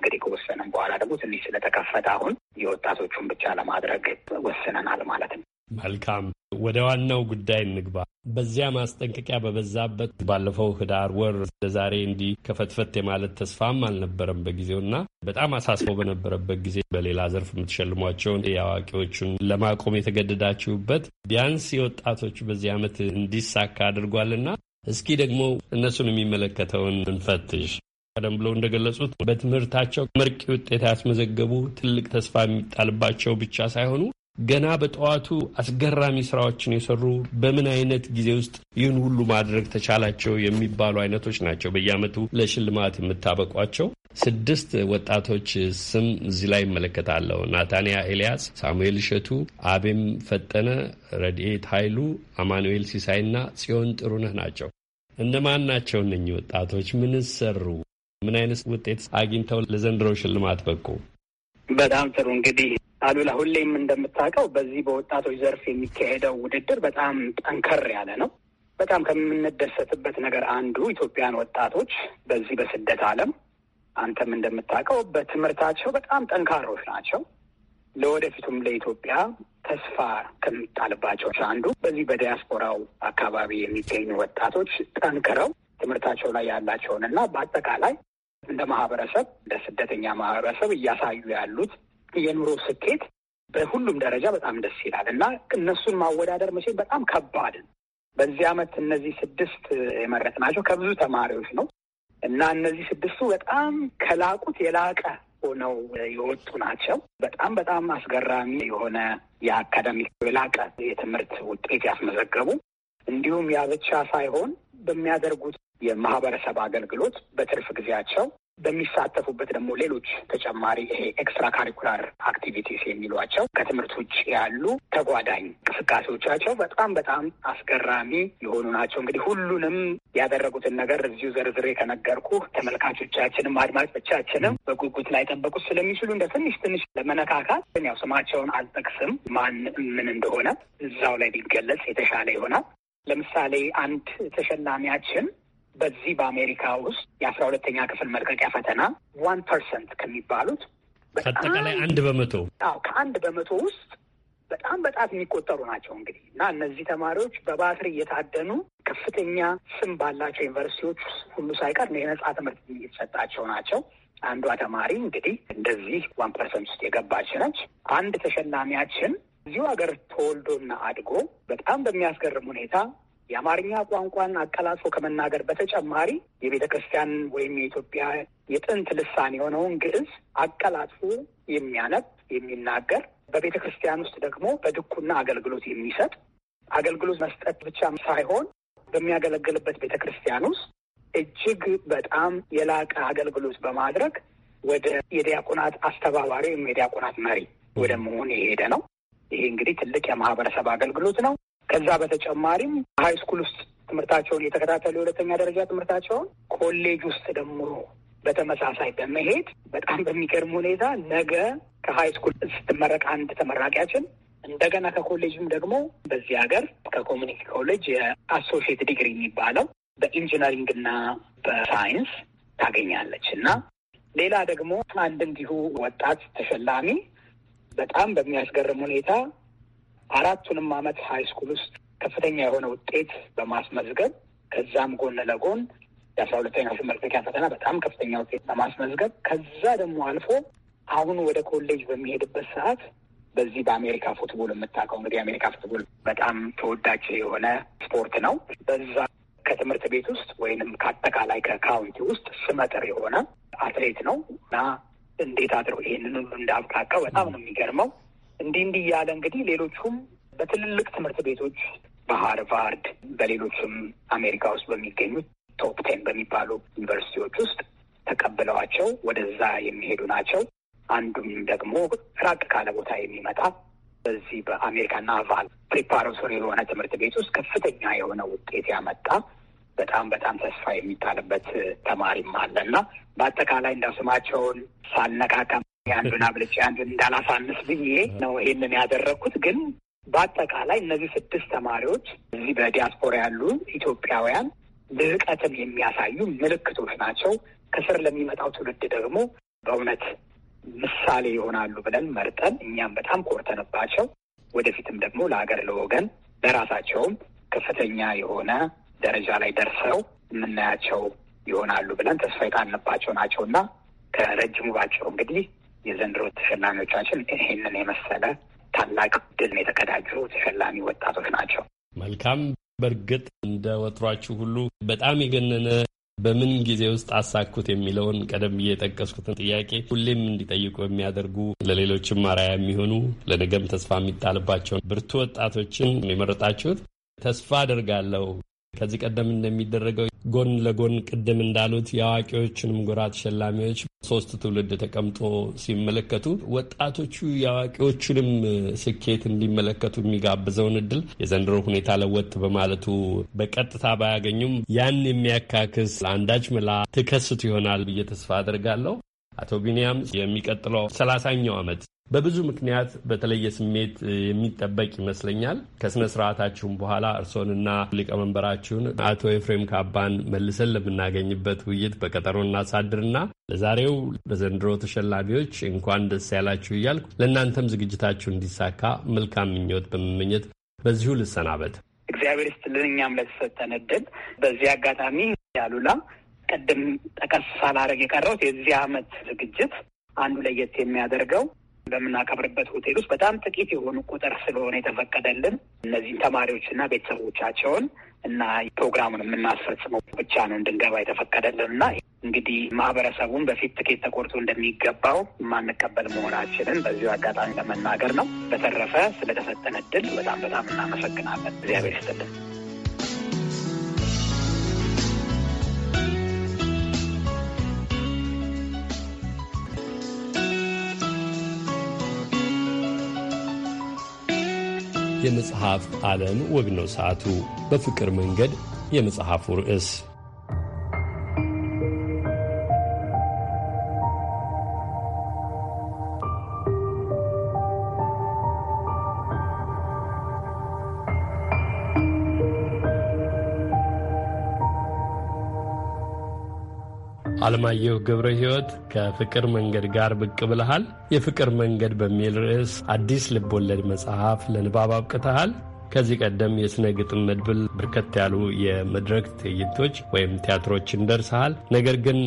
እንግዲህ ከወሰንን በኋላ ደግሞ ትንሽ ስለተከፈተ አሁን የወጣቶቹን ብቻ ለማድረግ ወስነናል ማለት ነው። መልካም ወደ ዋናው ጉዳይ እንግባ። በዚያ ማስጠንቀቂያ በበዛበት ባለፈው ህዳር ወር ዛሬ እንዲህ ከፈትፈት የማለት ተስፋም አልነበረም እና በጣም አሳስቦ በነበረበት ጊዜ በሌላ ዘርፍ የምትሸልሟቸውን የአዋቂዎቹን ለማቆም የተገደዳችሁበት ቢያንስ የወጣቶች በዚህ ዓመት እንዲሳካ አድርጓልና እስኪ ደግሞ እነሱን የሚመለከተውን እንፈትሽ። ቀደም ብለው እንደገለጹት በትምህርታቸው መርቂ ውጤት ያስመዘገቡ ትልቅ ተስፋ የሚጣልባቸው ብቻ ሳይሆኑ ገና በጠዋቱ አስገራሚ ስራዎችን የሰሩ በምን አይነት ጊዜ ውስጥ ይህን ሁሉ ማድረግ ተቻላቸው የሚባሉ አይነቶች ናቸው። በየአመቱ ለሽልማት የምታበቋቸው ስድስት ወጣቶች ስም እዚህ ላይ ይመለከታለሁ። ናታንያ ኤልያስ፣ ሳሙኤል እሸቱ፣ አቤም ፈጠነ፣ ረድኤት ኃይሉ፣ አማኑኤል ሲሳይና ጽዮን ጥሩነህ ናቸው። እነማን ናቸው እነኚህ ወጣቶች? ምን ሰሩ? ምን አይነት ውጤት አግኝተው ለዘንድሮ ሽልማት በቁ? በጣም ጥሩ እንግዲህ አሉላ ሁሌም እንደምታውቀው በዚህ በወጣቶች ዘርፍ የሚካሄደው ውድድር በጣም ጠንከር ያለ ነው። በጣም ከምንደሰትበት ነገር አንዱ ኢትዮጵያን ወጣቶች በዚህ በስደት ዓለም አንተም እንደምታውቀው በትምህርታቸው በጣም ጠንካሮች ናቸው። ለወደፊቱም ለኢትዮጵያ ተስፋ ከሚጣልባቸው አንዱ በዚህ በዲያስፖራው አካባቢ የሚገኙ ወጣቶች ጠንክረው ትምህርታቸው ላይ ያላቸውን እና በአጠቃላይ እንደ ማህበረሰብ እንደ ስደተኛ ማህበረሰብ እያሳዩ ያሉት የኑሮ ስኬት በሁሉም ደረጃ በጣም ደስ ይላል እና እነሱን ማወዳደር መቼ በጣም ከባድ ነው። በዚህ አመት እነዚህ ስድስት ናቸው ከብዙ ተማሪዎች ነው እና እነዚህ ስድስቱ በጣም ከላቁት የላቀ ሆነው የወጡ ናቸው። በጣም በጣም አስገራሚ የሆነ የአካዳሚክ የላቀ የትምህርት ውጤት ያስመዘገቡ እንዲሁም ያ ብቻ ሳይሆን በሚያደርጉት የማህበረሰብ አገልግሎት በትርፍ ጊዜያቸው በሚሳተፉበት ደግሞ ሌሎች ተጨማሪ ይሄ ኤክስትራ ካሪኩላር አክቲቪቲስ የሚሏቸው ከትምህርት ውጭ ያሉ ተጓዳኝ እንቅስቃሴዎቻቸው በጣም በጣም አስገራሚ የሆኑ ናቸው። እንግዲህ ሁሉንም ያደረጉትን ነገር እዚሁ ዘርዝሬ ከነገርኩ ተመልካቾቻችንም አድማጮቻችንም በጉጉት ላይ ጠበቁት ስለሚችሉ እንደ ትንሽ ትንሽ ለመነካካት ያው ስማቸውን አልጠቅስም፣ ማን ምን እንደሆነ እዛው ላይ ቢገለጽ የተሻለ ይሆናል። ለምሳሌ አንድ ተሸላሚያችን በዚህ በአሜሪካ ውስጥ የአስራ ሁለተኛ ክፍል መልቀቂያ ፈተና ዋን ፐርሰንት ከሚባሉት አጠቃላይ አንድ በመቶ አዎ ከአንድ በመቶ ውስጥ በጣም በጣት የሚቆጠሩ ናቸው እንግዲህ እና እነዚህ ተማሪዎች በባትሪ እየታደኑ ከፍተኛ ስም ባላቸው ዩኒቨርሲቲዎች ሁሉ ሳይቀር የነጻ ትምህርት እየተሰጣቸው ናቸው። አንዷ ተማሪ እንግዲህ እንደዚህ ዋን ፐርሰንት ውስጥ የገባች ነች። አንድ ተሸላሚያችን እዚሁ ሀገር ተወልዶና አድጎ በጣም በሚያስገርም ሁኔታ የአማርኛ ቋንቋን አቀላጥፎ ከመናገር በተጨማሪ የቤተ ክርስቲያን ወይም የኢትዮጵያ የጥንት ልሳን የሆነውን ግዕዝ አቀላጥፎ የሚያነብ የሚናገር፣ በቤተ ክርስቲያን ውስጥ ደግሞ በድኩና አገልግሎት የሚሰጥ አገልግሎት መስጠት ብቻ ሳይሆን በሚያገለግልበት ቤተ ክርስቲያን ውስጥ እጅግ በጣም የላቀ አገልግሎት በማድረግ ወደ የዲያቆናት አስተባባሪ ወይም የዲያቆናት መሪ ወደ መሆን የሄደ ነው። ይሄ እንግዲህ ትልቅ የማህበረሰብ አገልግሎት ነው። ከዛ በተጨማሪም ሀይ ስኩል ውስጥ ትምህርታቸውን የተከታተሉ የሁለተኛ ደረጃ ትምህርታቸውን ኮሌጅ ውስጥ ደምሮ በተመሳሳይ በመሄድ በጣም በሚገርም ሁኔታ ነገ ከሀይ ስኩል ስትመረቅ አንድ ተመራቂያችን እንደገና ከኮሌጅም ደግሞ በዚህ ሀገር ከኮሚኒቲ ኮሌጅ የአሶሺየት ዲግሪ የሚባለው በኢንጂነሪንግ እና በሳይንስ ታገኛለች እና ሌላ ደግሞ አንድ እንዲሁ ወጣት ተሸላሚ በጣም በሚያስገርም ሁኔታ አራቱንም አመት ሀይ ስኩል ውስጥ ከፍተኛ የሆነ ውጤት በማስመዝገብ ከዛም ጎን ለጎን የአስራ ሁለተኛ ክፍል መልቀቂያ ፈተና በጣም ከፍተኛ ውጤት በማስመዝገብ ከዛ ደግሞ አልፎ አሁን ወደ ኮሌጅ በሚሄድበት ሰዓት በዚህ በአሜሪካ ፉትቦል የምታውቀው እንግዲህ የአሜሪካ ፉትቦል በጣም ተወዳጅ የሆነ ስፖርት ነው። በዛ ከትምህርት ቤት ውስጥ ወይንም ከአጠቃላይ ከካውንቲ ውስጥ ስመጥር የሆነ አትሌት ነው እና እንዴት አድረው ይህንን ሁሉ በጣም ነው የሚገርመው። እንዲህ እንዲህ እያለ እንግዲህ ሌሎቹም በትልልቅ ትምህርት ቤቶች በሃርቫርድ በሌሎችም አሜሪካ ውስጥ በሚገኙት ቶፕ ቴን በሚባሉ ዩኒቨርሲቲዎች ውስጥ ተቀብለዋቸው ወደዛ የሚሄዱ ናቸው። አንዱም ደግሞ ራቅ ካለ ቦታ የሚመጣ በዚህ በአሜሪካና ቫል ፕሪፓራቶሪ የሆነ ትምህርት ቤት ውስጥ ከፍተኛ የሆነ ውጤት ያመጣ በጣም በጣም ተስፋ የሚጣልበት ተማሪም አለ እና በአጠቃላይ እንዳው ስማቸውን የአንዱን አብልጬ አንዱን እንዳላሳንስ ብዬ ነው ይህንን ያደረግኩት። ግን በአጠቃላይ እነዚህ ስድስት ተማሪዎች እዚህ በዲያስፖራ ያሉ ኢትዮጵያውያን ልዕቀትን የሚያሳዩ ምልክቶች ናቸው። ከስር ለሚመጣው ትውልድ ደግሞ በእውነት ምሳሌ ይሆናሉ ብለን መርጠን እኛም በጣም ኮርተንባቸው ወደፊትም ደግሞ ለሀገር ለወገን ለራሳቸውም ከፍተኛ የሆነ ደረጃ ላይ ደርሰው የምናያቸው ይሆናሉ ብለን ተስፋ የጣልንባቸው ናቸው እና ከረጅሙ ባጭሩ እንግዲህ የዘንድሮ ተሸላሚዎቻችን ይህንን የመሰለ ታላቅ ድል የተቀዳጁ ተሸላሚ ወጣቶች ናቸው። መልካም። በእርግጥ እንደ ወትሯችሁ ሁሉ በጣም የገነነ በምን ጊዜ ውስጥ አሳኩት የሚለውን ቀደም ብዬ የጠቀስኩትን ጥያቄ ሁሌም እንዲጠይቁ የሚያደርጉ ለሌሎችም አርአያ የሚሆኑ ለነገም ተስፋ የሚጣልባቸውን ብርቱ ወጣቶችን የመረጣችሁት ተስፋ አደርጋለሁ ከዚህ ቀደም እንደሚደረገው ጎን ለጎን ቅድም እንዳሉት የአዋቂዎችንም ጎራ ተሸላሚዎች ሶስት ትውልድ ተቀምጦ ሲመለከቱ ወጣቶቹ የአዋቂዎቹንም ስኬት እንዲመለከቱ የሚጋብዘውን እድል የዘንድሮ ሁኔታ ለወጥ በማለቱ በቀጥታ ባያገኙም ያን የሚያካክስ አንዳች መላ ትከስቱ ይሆናል ብዬ ተስፋ አድርጋለሁ። አቶ ቢንያም የሚቀጥለው ሰላሳኛው ዓመት በብዙ ምክንያት በተለየ ስሜት የሚጠበቅ ይመስለኛል። ከስነ ስርዓታችሁም በኋላ እርስዎንና ሊቀመንበራችሁን አቶ ኤፍሬም ካባን መልሰን ለምናገኝበት ውይይት በቀጠሮ እናሳድርና ለዛሬው በዘንድሮ ተሸላሚዎች እንኳን ደስ ያላችሁ እያልኩ ለእናንተም ዝግጅታችሁ እንዲሳካ መልካም ምኞት በመመኘት በዚሁ ልሰናበት። እግዚአብሔር ይስጥልን። እኛም ለተሰጠን እድል በዚህ አጋጣሚ ያሉላ ቅድም ጠቀስ ሳላረግ የቀረውት የዚህ አመት ዝግጅት አንዱ ለየት የሚያደርገው በምናከብርበት ሆቴል ውስጥ በጣም ጥቂት የሆኑ ቁጥር ስለሆነ የተፈቀደልን እነዚህን ተማሪዎችና ቤተሰቦቻቸውን እና ፕሮግራሙን የምናስፈጽመው ብቻ ነው እንድንገባ የተፈቀደልን እና እንግዲህ ማህበረሰቡን በፊት ትኬት ተቆርቶ እንደሚገባው የማንቀበል መሆናችንን በዚሁ አጋጣሚ ለመናገር ነው። በተረፈ ስለተሰጠን እድል በጣም በጣም እናመሰግናለን። እግዚአብሔር ይስጥልን። የመጽሐፍ ዓለም ወግ ነው ሰዓቱ። በፍቅር መንገድ የመጽሐፉ ርዕስ አለማየሁ ገብረ ሕይወት ከፍቅር መንገድ ጋር ብቅ ብልሃል። የፍቅር መንገድ በሚል ርዕስ አዲስ ልቦለድ መጽሐፍ ለንባብ አብቅተሃል። ከዚህ ቀደም የሥነ ግጥም መድብል በርከት ያሉ የመድረክ ትዕይንቶች ወይም ቲያትሮችን ደርሰሃል። ነገር ግን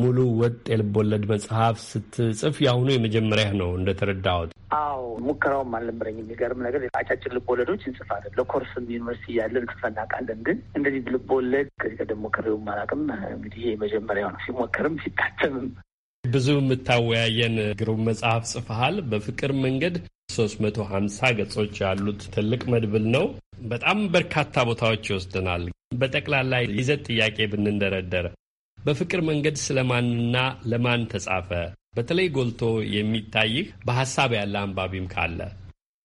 ሙሉ ወጥ የልቦለድ መጽሐፍ ስትጽፍ የአሁኑ የመጀመሪያ ነው እንደተረዳሁት። አዎ ሙከራውም አልነበረኝ። የሚገርም ነገር አጫጭር ልቦወለዶች እንጽፋለን። ለኮርስም ዩኒቨርሲቲ ያለን እንጽፈ እናውቃለን። ግን እንደዚህ ልቦወለድ ከዚህ ቀደም ሞክሬውም አላውቅም። እንግዲህ ይሄ መጀመሪያው ነው፣ ሲሞከርም ሲታተምም። ብዙ የምታወያየን ግሩም መጽሐፍ ጽፈሃል። በፍቅር መንገድ ሶስት መቶ ሀምሳ ገጾች ያሉት ትልቅ መድብል ነው። በጣም በርካታ ቦታዎች ይወስደናል። በጠቅላላ ይዘት ጥያቄ ብንንደረደር በፍቅር መንገድ ስለማንና ለማን ተጻፈ? በተለይ ጎልቶ የሚታይህ በሀሳብ ያለ አንባቢም ካለ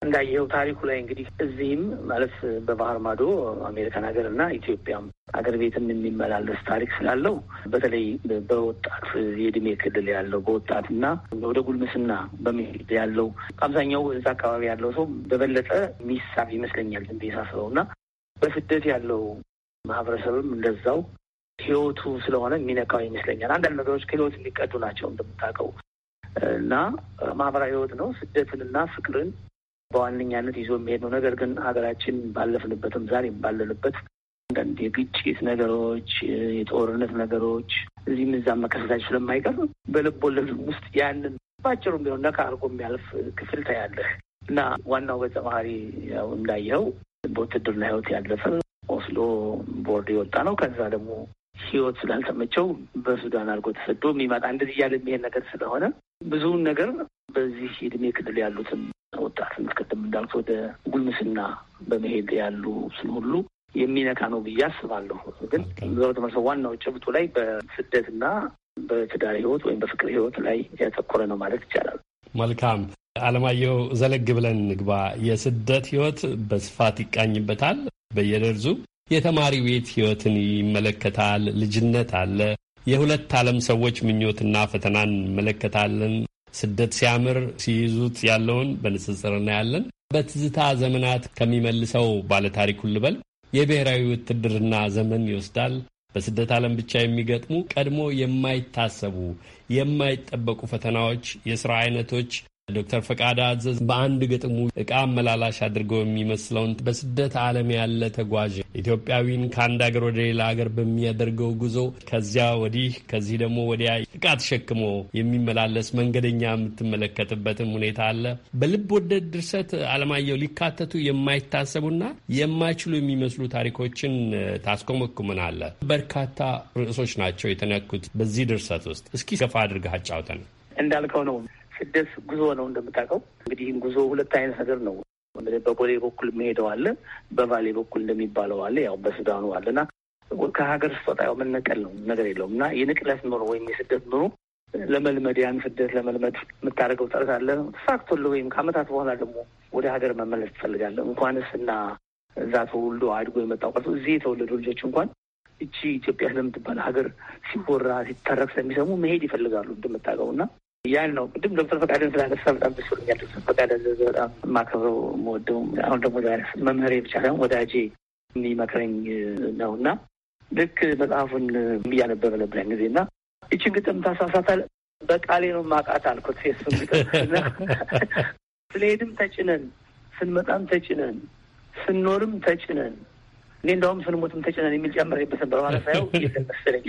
እንዳየው ታሪኩ ላይ እንግዲህ እዚህም ማለት በባህር ማዶ አሜሪካን ሀገር እና ኢትዮጵያም ሀገር ቤትም የሚመላለስ ታሪክ ስላለው በተለይ በወጣት የእድሜ ክልል ያለው በወጣትና ወደ ጉልምስና በሚሄድ ያለው አብዛኛው እዛ አካባቢ ያለው ሰው በበለጠ ሚሳብ ይመስለኛል ብዬ ሳስበው እና በስደት ያለው ማህበረሰብም እንደዛው ህይወቱ ስለሆነ የሚነካው ይመስለኛል። አንዳንድ ነገሮች ከህይወት የሚቀዱ ናቸው እንደምታውቀው እና ማህበራዊ ህይወት ነው። ስደትንና ፍቅርን በዋነኛነት ይዞ የሚሄድ ነው። ነገር ግን ሀገራችን ባለፍንበትም ዛሬም ባለንበት አንዳንድ የግጭት ነገሮች፣ የጦርነት ነገሮች እዚህም እዛም መከሰታቸው ስለማይቀር በልቦለድ ውስጥ ያንን ባጭሩ ቢሆን ነካ አድርጎ የሚያልፍ ክፍል ታያለህ እና ዋናው ገጸ ባህሪ ያው እንዳየኸው በውትድርና ህይወት ያለፈ ኦስሎ ቦርድ የወጣ ነው። ከዛ ደግሞ ህይወት ስላልተመቸው በሱዳን አድርጎ ተሰዶ የሚመጣ እንደዚህ እያለ የሚሄድ ነገር ስለሆነ ብዙውን ነገር በዚህ እድሜ ክልል ያሉትን ወጣት ቅድም እንዳልኩት ወደ ጉልምስና በመሄድ ያሉ ስን ሁሉ የሚነካ ነው ብዬ አስባለሁ። ግን በተመሰ ዋናው ጭብጡ ላይ በስደትና በትዳር ህይወት ወይም በፍቅር ህይወት ላይ ያተኮረ ነው ማለት ይቻላል። መልካም አለማየሁ፣ ዘለግ ብለን ንግባ። የስደት ህይወት በስፋት ይቃኝበታል በየደርዙ የተማሪ ቤት ህይወትን ይመለከታል። ልጅነት አለ። የሁለት ዓለም ሰዎች ምኞትና ፈተናን እንመለከታለን። ስደት ሲያምር ሲይዙት ያለውን በንጽጽር እናያለን። በትዝታ ዘመናት ከሚመልሰው ባለታሪኩ ልበል የብሔራዊ ውትድርና ዘመን ይወስዳል። በስደት ዓለም ብቻ የሚገጥሙ ቀድሞ የማይታሰቡ የማይጠበቁ ፈተናዎች፣ የሥራ አይነቶች፣ ዶክተር ፈቃድ አዘዝ በአንድ ግጥሙ እቃ አመላላሽ አድርገው የሚመስለውን በስደት ዓለም ያለ ተጓዥ ኢትዮጵያዊን ከአንድ ሀገር ወደ ሌላ ሀገር በሚያደርገው ጉዞ ከዚያ ወዲህ ከዚህ ደግሞ ወዲያ እቃ ተሸክሞ የሚመላለስ መንገደኛ የምትመለከትበትም ሁኔታ አለ። በልብ ወደድ ድርሰት አለማየሁ ሊካተቱ የማይታሰቡና የማይችሉ የሚመስሉ ታሪኮችን ታስኮመኩመናለ። በርካታ ርዕሶች ናቸው የተነኩት በዚህ ድርሰት ውስጥ። እስኪ ገፋ አድርገህ አጫውተን። እንዳልከው ነው ስደት ጉዞ ነው እንደምታውቀው። እንግዲህ ጉዞ ሁለት አይነት ነገር ነው። በቦሌ በኩል የሚሄደው አለ፣ በባሌ በኩል እንደሚባለው አለ፣ ያው በሱዳኑ አለ እና ከሀገር ስትወጣ ያው መነቀል ነው ነገር የለውም እና የንቅለት ኑሮ ወይም የስደት ኑሮ ለመልመድ ያን ስደት ለመልመድ የምታደርገው ጥረት አለ። ተሳክቶልህ ወይም ከአመታት በኋላ ደግሞ ወደ ሀገር መመለስ ትፈልጋለ። እንኳንስ እና እዛ ተወልዶ አድጎ የመጣው ቀርቶ እዚህ የተወለዱ ልጆች እንኳን እቺ ኢትዮጵያ ስለምትባል ሀገር ሲወራ ሲተረክ ስለሚሰሙ መሄድ ይፈልጋሉ እንደምታውቀው እና ያን ነው ቅድም ዶክተር ፈቃደን ስላነሳ በጣም ደስ ብሎኛል። ዶክተር ፈቃደን በጣም የማከብረው የምወደው አሁን ደግሞ መምህሬ ብቻ ሳይሆን ወዳጄ የሚመክረኝ ነው እና ልክ መጽሐፉን እያነበበ ነበር ያን ጊዜ እና ይችን ግጥም ታሳሳታል በቃሌ ነው ማቃት አልኩት። የሱን ግጥም ስንሄድም ተጭነን ስንመጣም ተጭነን ስንኖርም ተጭነን እኔ እንደውም ስንሞትም ተጭነን የሚል ጨምሬበት ነበር ማለት ሳየው መሰለኝ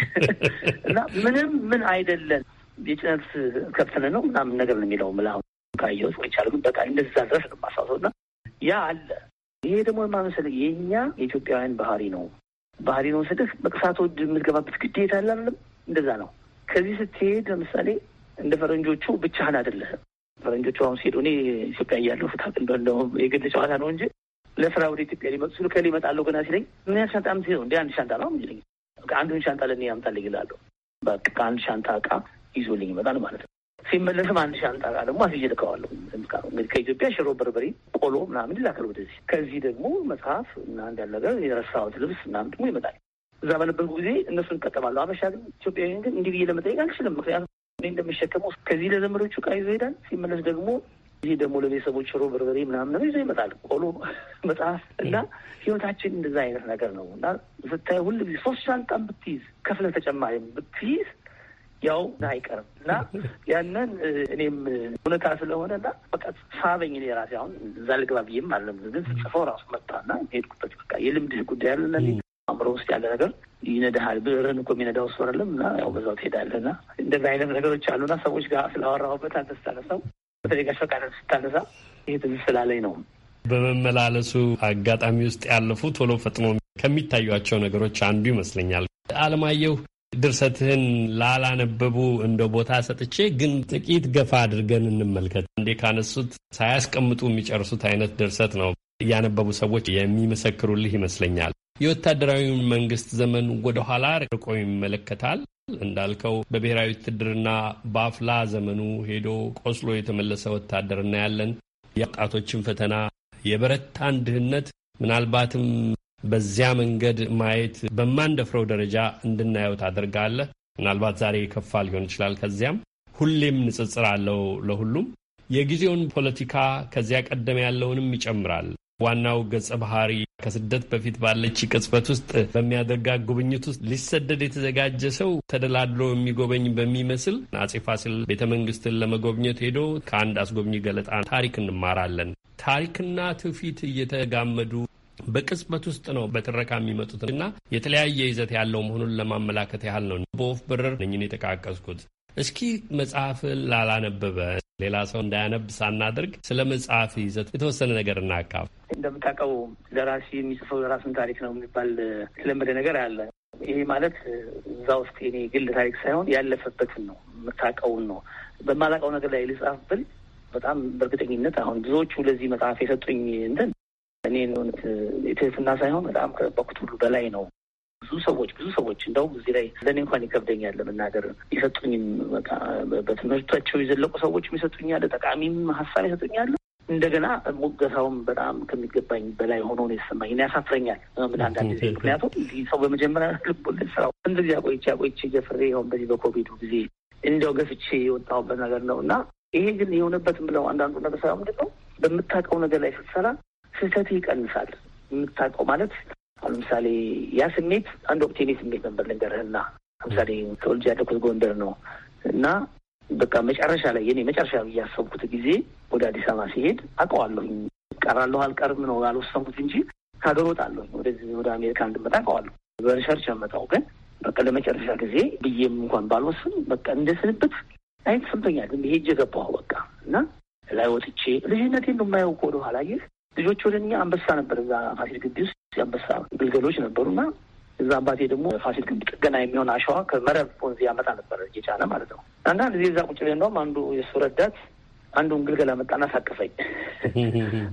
እና ምንም ምን አይደለን ቢዝነስ ከብትን ነው ምናምን ነገር ነው የሚለው ምላ ካየው ወይቻለ ግን በቃ እንደዛ ድረስ ነው ማስታውሰው እና ያ አለ። ይሄ ደግሞ ማመሰል የእኛ የኢትዮጵያውያን ባህሪ ነው ባህሪ ነው ስልህ መቅሳት ወድ የምትገባበት ግዴታ ያለ አይደለም። እንደዛ ነው። ከዚህ ስትሄድ ለምሳሌ እንደ ፈረንጆቹ ብቻህን አይደለህም። ፈረንጆቹ አሁን ሲሄዱ እኔ ኢትዮጵያ እያለሁ ፍታት እንደው የግል ጨዋታ ነው እንጂ ለስራ ወደ ኢትዮጵያ ሊመጡ ሲሉ ከሌ ይመጣለሁ ገና ሲለኝ ምን ያ ሻንጣ ምት ነው እንደ አንድ ሻንጣ ነው ሚለኝ አንዱን ሻንጣ ለእኔ ያምጣልኝ ይላለሁ። በቃ አንድ ሻንጣ እቃ ይዞልኝ ይመጣል ማለት ነው። ሲመለስም አንድ ሻንጣ እቃ ደግሞ አስይዤ ልከዋለሁ። እንግዲህ ከኢትዮጵያ ሽሮ፣ በርበሬ፣ ቆሎ ምናምን ይላከል ወደዚህ። ከዚህ ደግሞ መጽሐፍ እና አንዳንድ የረሳሁት ልብስ ምናምን ደግሞ ይመጣል። እዛ በነበርኩ ጊዜ እነሱን እጠቀማለሁ። አበሻ ግን ኢትዮጵያዊን ግን እንዲህ ብዬ ለመጠየቅ አልችልም። ምክንያቱም እኔ እንደሚሸከመው ከዚህ ለዘመዶቹ እቃ ይዞ ይሄዳል። ሲመለስ ደግሞ ይህ ደግሞ ለቤተሰቦች ሽሮ፣ በርበሬ ምናምን ነው ይዞ ይመጣል። ቆሎ፣ መጽሐፍ እና ህይወታችን እንደዛ አይነት ነገር ነው እና ስታይ ሁልጊዜ ሶስት ሻንጣ ብትይዝ ከፍለ ተጨማሪ ብትይዝ ያው አይቀርም እና ያንን እኔም እውነታ ስለሆነ እና በቃ ሳበኝ እኔ ራሴ አሁን እዛ ልግባ ብዬም አለም ግን ስጽፈው ራሱ መጣ መጣና ሄድኩበት። በቃ የልምድህ ጉዳይ ያለና አእምሮ ውስጥ ያለ ነገር ይነዳሃል። ብዕርን እኮ የሚነዳው እሱ አይደለም እና ያው በዛው ትሄዳለህ እና እንደዚህ አይነት ነገሮች አሉና ሰዎች ጋር ስላወራሁበት አንተ ስታነሳው በተለይ ጋሽ ፈቃደ ስታነሳ ይህ ትዝ ስላለኝ ነው። በመመላለሱ አጋጣሚ ውስጥ ያለፉ ቶሎ ፈጥኖ ከሚታዩቸው ነገሮች አንዱ ይመስለኛል። አለማየሁ ድርሰትህን ላላነበቡ እንደ ቦታ ሰጥቼ ግን ጥቂት ገፋ አድርገን እንመልከት። እንዴ ካነሱት ሳያስቀምጡ የሚጨርሱት አይነት ድርሰት ነው። እያነበቡ ሰዎች የሚመሰክሩልህ ይመስለኛል። የወታደራዊ መንግስት ዘመን ወደኋላ ርቆ ይመለከታል። እንዳልከው በብሔራዊ ውትድርና በአፍላ ዘመኑ ሄዶ ቆስሎ የተመለሰ ወታደርና ያለን የወጣቶችን ፈተና፣ የበረታን ድህነት ምናልባትም በዚያ መንገድ ማየት በማንደፍረው ደረጃ እንድናየው ታደርጋለህ። ምናልባት ዛሬ የከፋ ሊሆን ይችላል። ከዚያም ሁሌም ንጽጽር አለው ለሁሉም የጊዜውን ፖለቲካ ከዚያ ቀደም ያለውንም ይጨምራል። ዋናው ገጸ ባህሪ ከስደት በፊት ባለች ቅጽበት ውስጥ በሚያደርጋ ጉብኝት ውስጥ ሊሰደድ የተዘጋጀ ሰው ተደላድሎ የሚጎበኝ በሚመስል አጼ ፋሲል ቤተ መንግስትን ለመጎብኘት ሄዶ ከአንድ አስጎብኚ ገለጣ ታሪክ እንማራለን። ታሪክና ትውፊት እየተጋመዱ በቅጽበት ውስጥ ነው በትረካ የሚመጡት እና የተለያየ ይዘት ያለው መሆኑን ለማመላከት ያህል ነው። በወፍ በረር ነኝን የጠቃቀስኩት። እስኪ መጽሐፍ ላላነበበ ሌላ ሰው እንዳያነብ ሳናደርግ ስለ መጽሐፍ ይዘት የተወሰነ ነገር እናካፍ። እንደምታውቀው ደራሲ የሚጽፈው የራሱን ታሪክ ነው የሚባል የተለመደ ነገር አለ። ይሄ ማለት እዛ ውስጥ የኔ ግል ታሪክ ሳይሆን ያለፈበትን ነው የምታውቀውን ነው። በማላውቀው ነገር ላይ ልጻፍ ብል በጣም በእርግጠኝነት አሁን ብዙዎቹ ለዚህ መጽሐፍ የሰጡኝ እንትን እኔ እውነት ትህትና ሳይሆን በጣም ከበኩት ሁሉ በላይ ነው። ብዙ ሰዎች ብዙ ሰዎች እንደውም እዚህ ላይ ለእኔ እንኳን ይከብደኛል ለመናገር የሰጡኝም በትምህርታቸው የዘለቁ ሰዎች ይሰጡኛል፣ ጠቃሚም ሀሳብ ይሰጡኛል። እንደገና ሞገሳውም በጣም ከሚገባኝ በላይ ሆኖ ነው የተሰማኝ ያሳፍረኛል ምን አንዳንድ ጊዜ ምክንያቱም ሰው በመጀመሪያ ልቦለድ ስራው አንድ ጊዜ አቆይቼ አቆይቼ ገፍሬ ሆን በዚህ በኮቪዱ ጊዜ እንደው ገፍቼ የወጣሁበት ነገር ነው እና ይሄ ግን የሆነበት ብለው አንዳንዱ ነገር ሳይሆን ምንድን ነው በምታውቀው ነገር ላይ ስትሰራ ስህተት ይቀንሳል። የምታውቀው ማለት አሁን ለምሳሌ ያ ስሜት አንድ ወቅት የኔ ስሜት ነበር ልንገርህና ለምሳሌ ተወልጄ ያደኩት ጎንደር ነው እና በቃ መጨረሻ ላይ የኔ መጨረሻ እያሰብኩት ጊዜ ወደ አዲስ አበባ ሲሄድ አውቀዋለሁኝ ቀራለሁ አልቀርም ነው ያልወሰንኩት እንጂ ከሀገር ወጣለሁ ወደዚህ ወደ አሜሪካ እንድመጣ አውቀዋለሁ። በሪሰርች ያመጣው ግን በቃ ለመጨረሻ ጊዜ ብዬም እንኳን ባልወስን በቃ እንደ እንደስንብት አይነት ሰምቶኛል። ግን ሄጄ ገባሁ በቃ እና ላይ ወጥቼ ልጅነቴ ነው የማየው እኮ ወደኋላ ይህ ልጆች ወደ እኛ አንበሳ ነበር። እዛ ፋሲል ግቢ ውስጥ አንበሳ ግልገሎች ነበሩ እና እዛ አባቴ ደግሞ ፋሲል ግቢ ጥገና የሚሆን አሸዋ ከመረብ ወንዝ ያመጣ ነበር እየቻለ ማለት ነው። አንዳንድ ጊዜ እዛ ቁጭ ብለን እንደውም አንዱ የሱ ረዳት አንዱን ግልገል አመጣና ሳቀፈኝ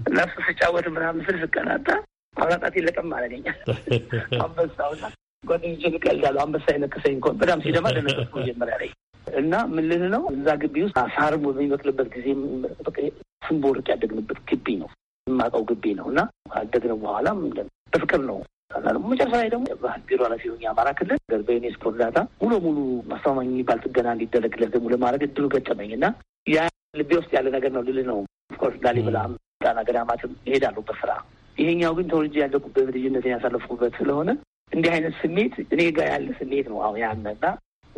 እና እሱ ስጫወት ምናምን ስል ስቀናጣ አብራጣት ይለቀም አለገኛል አንበሳውና ጓደኞቼ ልቀልዳሉ አንበሳ የነከሰኝ እንኳን በጣም ሲደማ ደነገጥኩ መጀመሪያ ላይ እና ምን ልል ነው እዛ ግቢ ውስጥ ሳር በሚበቅልበት ጊዜ ስንቦርቅ ያደግንበት ግቢ ነው። የማውቀው ግቢ ነው እና ካደግነው በኋላም በፍቅር ነው መጨረሻ ላይ ደግሞ ባህል ቢሮ ኃላፊ ሆኜ አማራ ክልል በዩኔስኮ እርዳታ ሙሉ ሙሉ ማስተማማኝ የሚባል ጥገና እንዲደረግለት ደግሞ ለማድረግ እድሉ ገጠመኝ እና ያ ልቤ ውስጥ ያለ ነገር ነው ልል ነው። ኦፍኮርስ ላሊበላም ጣና ገዳማትም እሄዳለሁ በስራ ይሄኛው ግን ተወልጅ ያለኩበት ልጅነት ያሳለፍኩበት ስለሆነ እንዲህ አይነት ስሜት እኔ ጋር ያለ ስሜት ነው። አሁን ያነና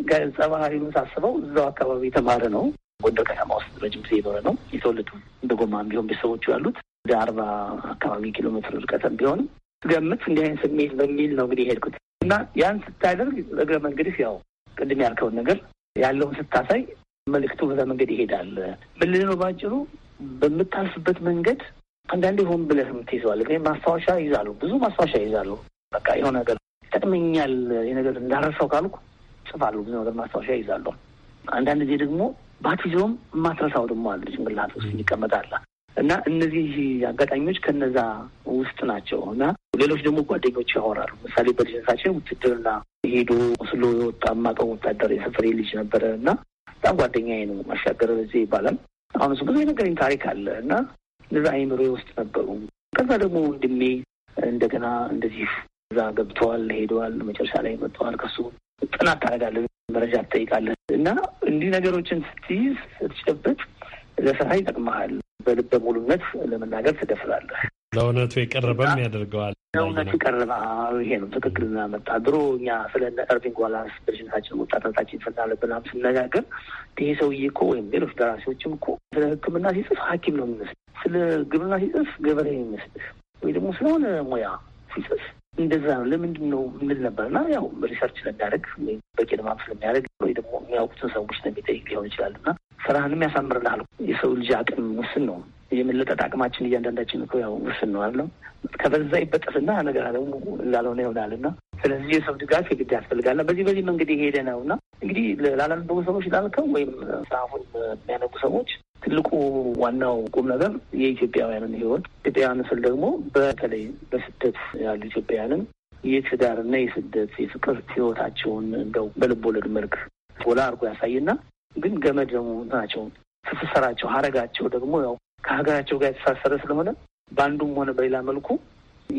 ገጸ ባህሪውን ሳስበው እዛው አካባቢ የተማረ ነው። ጎንደር ከተማ ውስጥ ረጅም ጊዜ የኖረ ነው። የተወለዱ እንደ ጎማ ቢሆን ቤተሰቦቹ ያሉት ወደ አርባ አካባቢ ኪሎ ሜትር ርቀትም ቢሆንም ስገምት እንዲህ አይነት ስሜት በሚል ነው እንግዲህ ሄድኩት እና ያን ስታደርግ እግረ መንገድህ ያው ቅድም ያልከውን ነገር ያለውን ስታሳይ መልእክቱ በዛ መንገድ ይሄዳል። ምልህ ነው ባጭሩ በምታልፍበት መንገድ አንዳንዴ ሆን ብለህ ምትይዘዋል። የምትይዘዋል። ማስታወሻ ይዛሉ፣ ብዙ ማስታወሻ ይዛሉ። በቃ የሆነ ነገር ይጠቅመኛል፣ የነገር እንዳረሰው ካልኩ ጽፋሉ። ብዙ ነገር ማስታወሻ ይዛሉ። አንዳንድ ጊዜ ደግሞ ባትይዘውም የማትረሳው ደግሞ አለ፣ ጭንቅላት ውስጥ ይቀመጣል። እና እነዚህ አጋጣሚዎች ከነዛ ውስጥ ናቸው። እና ሌሎች ደግሞ ጓደኞች ያወራሉ። ምሳሌ በልጅነታችን ውትድርና ሄዶ ስሎ የወጣ የማውቀው ወታደር የሰፈሬ ልጅ ነበረ እና በጣም ጓደኛዬ ነው ማሻገር በዚህ ይባላል። አሁን ብዙ የነገረኝ ታሪክ አለ እና እነዛ አይምሮ ውስጥ ነበሩ። ከዛ ደግሞ ወንድሜ እንደገና እንደዚህ እዛ ገብተዋል፣ ሄደዋል፣ መጨረሻ ላይ መጥተዋል። ከሱ ጥናት ታደርጋለህ፣ መረጃ ትጠይቃለህ እና እንዲህ ነገሮችን ስትይዝ ስትጨብጥ ለስራ ይጠቅመሃል። በልበ ሙሉነት ለመናገር ትደፍራለህ። ለእውነቱ የቀረበም ያደርገዋል። ለእውነቱ የቀረበ ይሄ ነው ትክክል እናመጣ ድሮ እኛ ስለ ኤርቪንግ ዋላንስ በልጅነታችን ወጣትነታችን ስናለብና ስነጋገር ይሄ ሰውዬ እኮ ወይም ሌሎች ደራሲዎችም እኮ ስለ ሕክምና ሲጽፍ ሐኪም ነው የሚመስል፣ ስለ ግብርና ሲጽፍ ገበሬ የሚመስል፣ ወይ ደግሞ ስለሆነ ሙያ ሲጽፍ እንደዛ ነው። ለምንድን ነው የምል ነበር እና ያው ሪሰርች ስለሚያደርግ በቂ ድማም ስለሚያደርግ ወይ ደግሞ የሚያውቁትን ሰዎች ስለሚጠይቅ ሊሆን ይችላል እና ስራህንም ያሳምርልሃል። የሰው ልጅ አቅም ውስን ነው። የመለጠጥ አቅማችን እያንዳንዳችን እኮ ያው ውስን ነው አለው። ከበዛ ይበጠስና ነገር ደግሞ ላልሆነ ይሆናል እና ስለዚህ የሰው ድጋፍ የግድ ያስፈልጋል። በዚህ በዚህ መንገድ የሄደ ነው እና እንግዲህ ላላነበቡ ሰዎች ላልከው ወይም መጽሐፉን የሚያነቡ ሰዎች ትልቁ ዋናው ቁም ነገር የኢትዮጵያውያንን ህይወት ኢትዮጵያውያን ምስል ደግሞ በተለይ በስደት ያሉ ኢትዮጵያውያንን የትዳርና የስደት የፍቅር ህይወታቸውን እንደው በልቦለድ መልክ ጎላ አድርጎ ያሳይና ግን ገመድ ደግሞ ናቸው ትስስራቸው ሀረጋቸው ደግሞ ያው ከሀገራቸው ጋር የተሳሰረ ስለሆነ በአንዱም ሆነ በሌላ መልኩ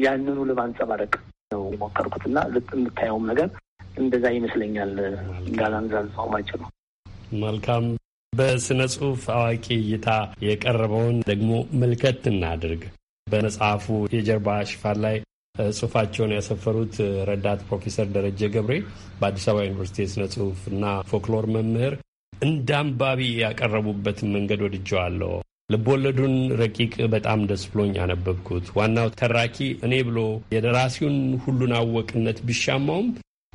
ያንኑ ለማንጸባረቅ ነው የሞከርኩት እና የምታየውም ነገር እንደዛ ይመስለኛል። እንዳላንዛዛው ማጭ ነው። መልካም በስነ ጽሁፍ አዋቂ እይታ የቀረበውን ደግሞ ምልከት እናድርግ። በመጽሐፉ የጀርባ ሽፋን ላይ ጽሁፋቸውን ያሰፈሩት ረዳት ፕሮፌሰር ደረጀ ገብሬ በአዲስ አበባ ዩኒቨርሲቲ የስነ ጽሁፍ እና ፎክሎር መምህር እንደ አንባቢ ያቀረቡበትን መንገድ ወድጀዋለሁ። ልቦወለዱን ረቂቅ በጣም ደስ ብሎኝ ያነበብኩት። ዋናው ተራኪ እኔ ብሎ የደራሲውን ሁሉን አወቅነት ቢሻማውም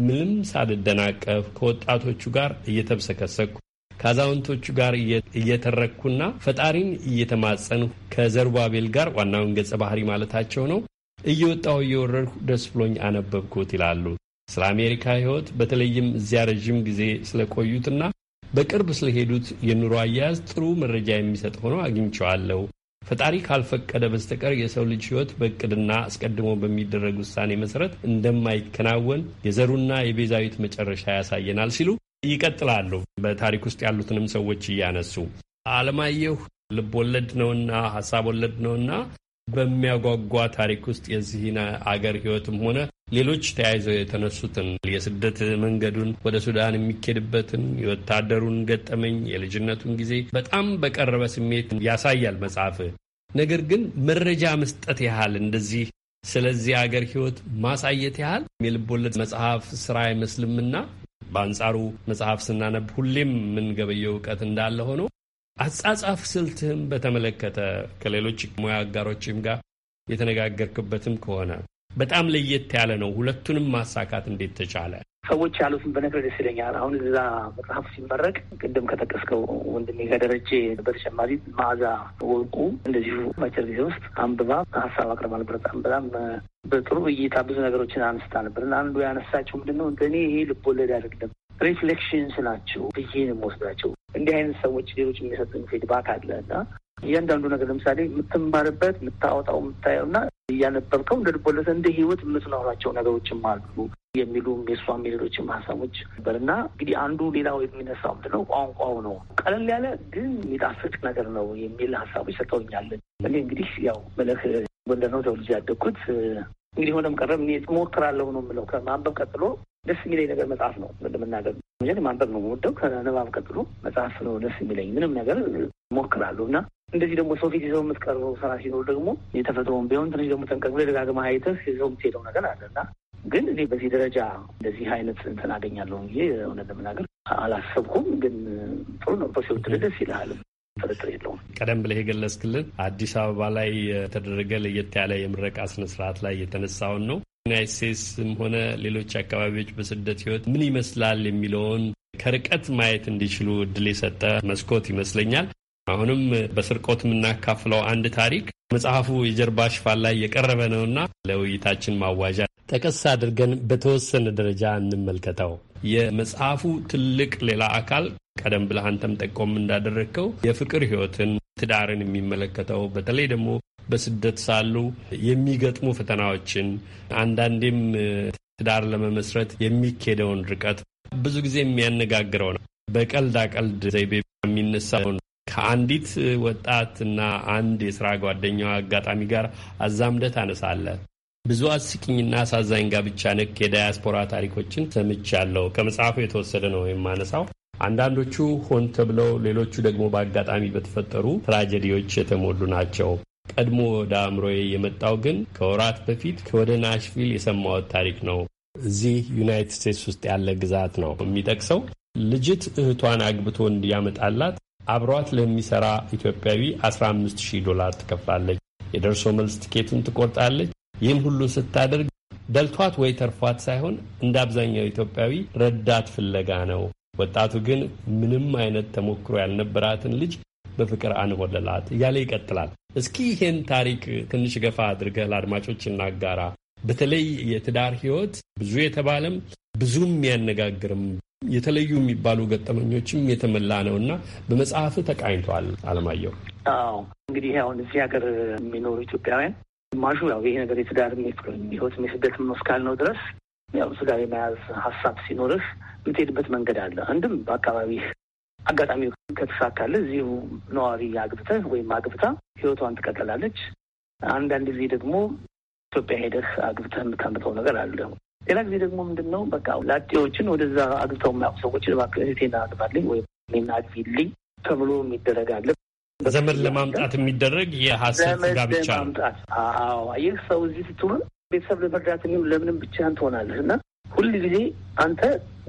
ምንም ሳልደናቀፍ ከወጣቶቹ ጋር እየተብሰከሰኩ ከአዛውንቶቹ ጋር እየተረኩና ፈጣሪን እየተማጸኑ ከዘሩባቤል ጋር ዋናውን ገጸ ባህሪ ማለታቸው ነው እየወጣው እየወረድኩ ደስ ብሎኝ አነበብኩት ይላሉ። ስለ አሜሪካ ሕይወት በተለይም እዚያ ረዥም ጊዜ ስለቆዩትና በቅርብ ስለሄዱት የኑሮ አያያዝ ጥሩ መረጃ የሚሰጥ ሆኖ አግኝቸዋለሁ። ፈጣሪ ካልፈቀደ በስተቀር የሰው ልጅ ሕይወት በእቅድና አስቀድሞ በሚደረግ ውሳኔ መሰረት እንደማይከናወን የዘሩና የቤዛዊት መጨረሻ ያሳየናል ሲሉ ይቀጥላሉ። በታሪክ ውስጥ ያሉትንም ሰዎች እያነሱ አለማየሁ ልብ ወለድ ነውና ሀሳብ ወለድ ነውና በሚያጓጓ ታሪክ ውስጥ የዚህን አገር ህይወትም ሆነ ሌሎች ተያይዘው የተነሱትን የስደት መንገዱን ወደ ሱዳን የሚኬድበትን የወታደሩን ገጠመኝ የልጅነቱን ጊዜ በጣም በቀረበ ስሜት ያሳያል መጽሐፍ። ነገር ግን መረጃ መስጠት ያህል እንደዚህ ስለዚህ አገር ህይወት ማሳየት ያህል የልቦለድ መጽሐፍ ስራ አይመስልምና በአንጻሩ መጽሐፍ ስናነብ ሁሌም የምንገበየው እውቀት እንዳለ ሆኖ አጻጻፍ ስልትህም በተመለከተ ከሌሎች ሙያ አጋሮችም ጋር የተነጋገርክበትም ከሆነ በጣም ለየት ያለ ነው። ሁለቱንም ማሳካት እንዴት ተቻለ? ሰዎች ያሉትን በነገር ደስ ይለኛል። አሁን እዛ መጽሐፍ ሲመረቅ ቅድም ከጠቀስከው ወንድሜ ከደረጀ በተጨማሪ መዓዛ ወርቁ እንደዚሁ በአጭር ጊዜ ውስጥ አንብባ ሀሳብ አቅርባል። በጣም በጣም በጥሩ እይታ ብዙ ነገሮችን አንስታ ነበር እና አንዱ ያነሳቸው ምንድነው እንደኔ ይሄ ልብ ወለድ አይደለም ሪፍሌክሽንስ ናቸው ብዬ ነው የምወስዳቸው። እንዲህ አይነት ሰዎች ሌሎች የሚሰጡኝ ፊድባክ አለ እና እያንዳንዱ ነገር ለምሳሌ የምትማርበት የምታወጣው፣ የምታየው እና እያነበብከው እንደ ልቦለድ እንደ ህይወት የምትኖራቸው ነገሮችም አሉ የሚሉ የእሷም የሌሎችም ሀሳቦች ነበር እና እንግዲህ አንዱ ሌላው የሚነሳው ምንድን ነው ቋንቋው ነው ቀለል ያለ ግን የሚጣፍጥ ነገር ነው የሚል ሀሳቦች ሰጠውኛል። እኔ እንግዲህ ያው መለክ ጎንደር ነው ተወልጄ ያደግኩት። እንግዲህ ሆነም ቀረም እኔ እሞክራለሁ ነው የምለው ከማንበብ ቀጥሎ ደስ የሚለኝ ነገር መጽሐፍ ነው። ለመናገር ምን ማንበብ ነው የምወደው። ከንባብ ቀጥሎ መጽሐፍ ነው ደስ የሚለኝ። ምንም ነገር ሞክራለሁ እና እንደዚህ ደግሞ ሰው ፊት ይዘው የምትቀርበው ስራ ሲኖር ደግሞ የተፈጥሮውን ቢሆን ትንሽ ደግሞ ተንቀቅሎ ደጋግማ ሀይተ ይዘው የምትሄደው ነገር እና ግን እኔ በዚህ ደረጃ እንደዚህ አይነት እንትን አገኛለሁ ጊዜ እውነት ለመናገር አላሰብኩም። ግን ጥሩ ነው በሲወትል ደስ ይልሃል። ቀደም ብለህ የገለጽክልን አዲስ አበባ ላይ የተደረገ ለየት ያለ የምረቃ ስነስርዓት ላይ የተነሳውን ነው ዩናይት ስቴትስም ሆነ ሌሎች አካባቢዎች በስደት ህይወት ምን ይመስላል የሚለውን ከርቀት ማየት እንዲችሉ እድል የሰጠ መስኮት ይመስለኛል። አሁንም በስርቆት የምናካፍለው አንድ ታሪክ መጽሐፉ የጀርባ ሽፋን ላይ የቀረበ ነውና ለውይይታችን ማዋዣ ጠቀስ አድርገን በተወሰነ ደረጃ እንመልከተው። የመጽሐፉ ትልቅ ሌላ አካል ቀደም ብለህ አንተም ጠቆም እንዳደረግከው የፍቅር ህይወትን፣ ትዳርን የሚመለከተው በተለይ ደግሞ በስደት ሳሉ የሚገጥሙ ፈተናዎችን አንዳንዴም ትዳር ለመመስረት የሚኬደውን ርቀት ብዙ ጊዜ የሚያነጋግረው ነው። በቀልድ አቀልድ ዘይቤ የሚነሳውን ከአንዲት ወጣት እና አንድ የስራ ጓደኛው አጋጣሚ ጋር አዛምደህ ታነሳለህ። ብዙ አስቂኝና አሳዛኝ ጋብቻ ነክ የዳያስፖራ ታሪኮችን ሰምቻለሁ። ከመጽሐፉ የተወሰደ ነው የማነሳው። አንዳንዶቹ ሆን ተብለው፣ ሌሎቹ ደግሞ በአጋጣሚ በተፈጠሩ ትራጀዲዎች የተሞሉ ናቸው። ቀድሞ ወደ አእምሮዬ የመጣው ግን ከወራት በፊት ከወደ ናሽቪል የሰማሁት ታሪክ ነው። እዚህ ዩናይትድ ስቴትስ ውስጥ ያለ ግዛት ነው የሚጠቅሰው። ልጅት እህቷን አግብቶ እንዲያመጣላት አብሯት ለሚሰራ ኢትዮጵያዊ 15000 ዶላር ትከፍላለች። የደርሶ መልስ ትኬቱን ትቆርጣለች። ይህን ሁሉ ስታደርግ ደልቷት ወይ ተርፏት ሳይሆን እንደ አብዛኛው ኢትዮጵያዊ ረዳት ፍለጋ ነው። ወጣቱ ግን ምንም አይነት ተሞክሮ ያልነበራትን ልጅ በፍቅር አንቦለላት እያለ ይቀጥላል። እስኪ ይህን ታሪክ ትንሽ ገፋ አድርገህ ለአድማጮች እናጋራ። በተለይ የትዳር ህይወት ብዙ የተባለም ብዙም ያነጋግርም የተለዩ የሚባሉ ገጠመኞችም የተመላ ነው እና በመጽሐፍ ተቃኝቷል። አለማየሁ አዎ፣ እንግዲህ አሁን እዚህ ሀገር የሚኖሩ ኢትዮጵያውያን ግማሹ ያው ይሄ ነገር የትዳር ህይወት የስደት መስካል ነው ድረስ ያው ትዳር የመያዝ ሀሳብ ሲኖርህ የምትሄድበት መንገድ አለ። አንድም በአካባቢህ አጋጣሚ ከተሳካለ እዚሁ ነዋሪ አግብተ ወይም አግብታ ህይወቷን ትቀጥላለች። አንዳንድ ጊዜ ደግሞ ኢትዮጵያ ሄደህ አግብተህ የምታምጠው ነገር አለ። ሌላ ጊዜ ደግሞ ምንድን ነው በቃ ላጤዎችን ወደዛ አግብተው የማያውቁ ሰዎች እህቴን አግባልኝ ወይም እኔን አግቢልኝ ተብሎ የሚደረግ አለ። ዘመን ለማምጣት የሚደረግ የሀሰት ጋብቻ ለማምጣት ይህ ሰው እዚህ ስትሆን ቤተሰብ ለመርዳት ለምንም ብቻህን ትሆናለህ እና ሁል ጊዜ አንተ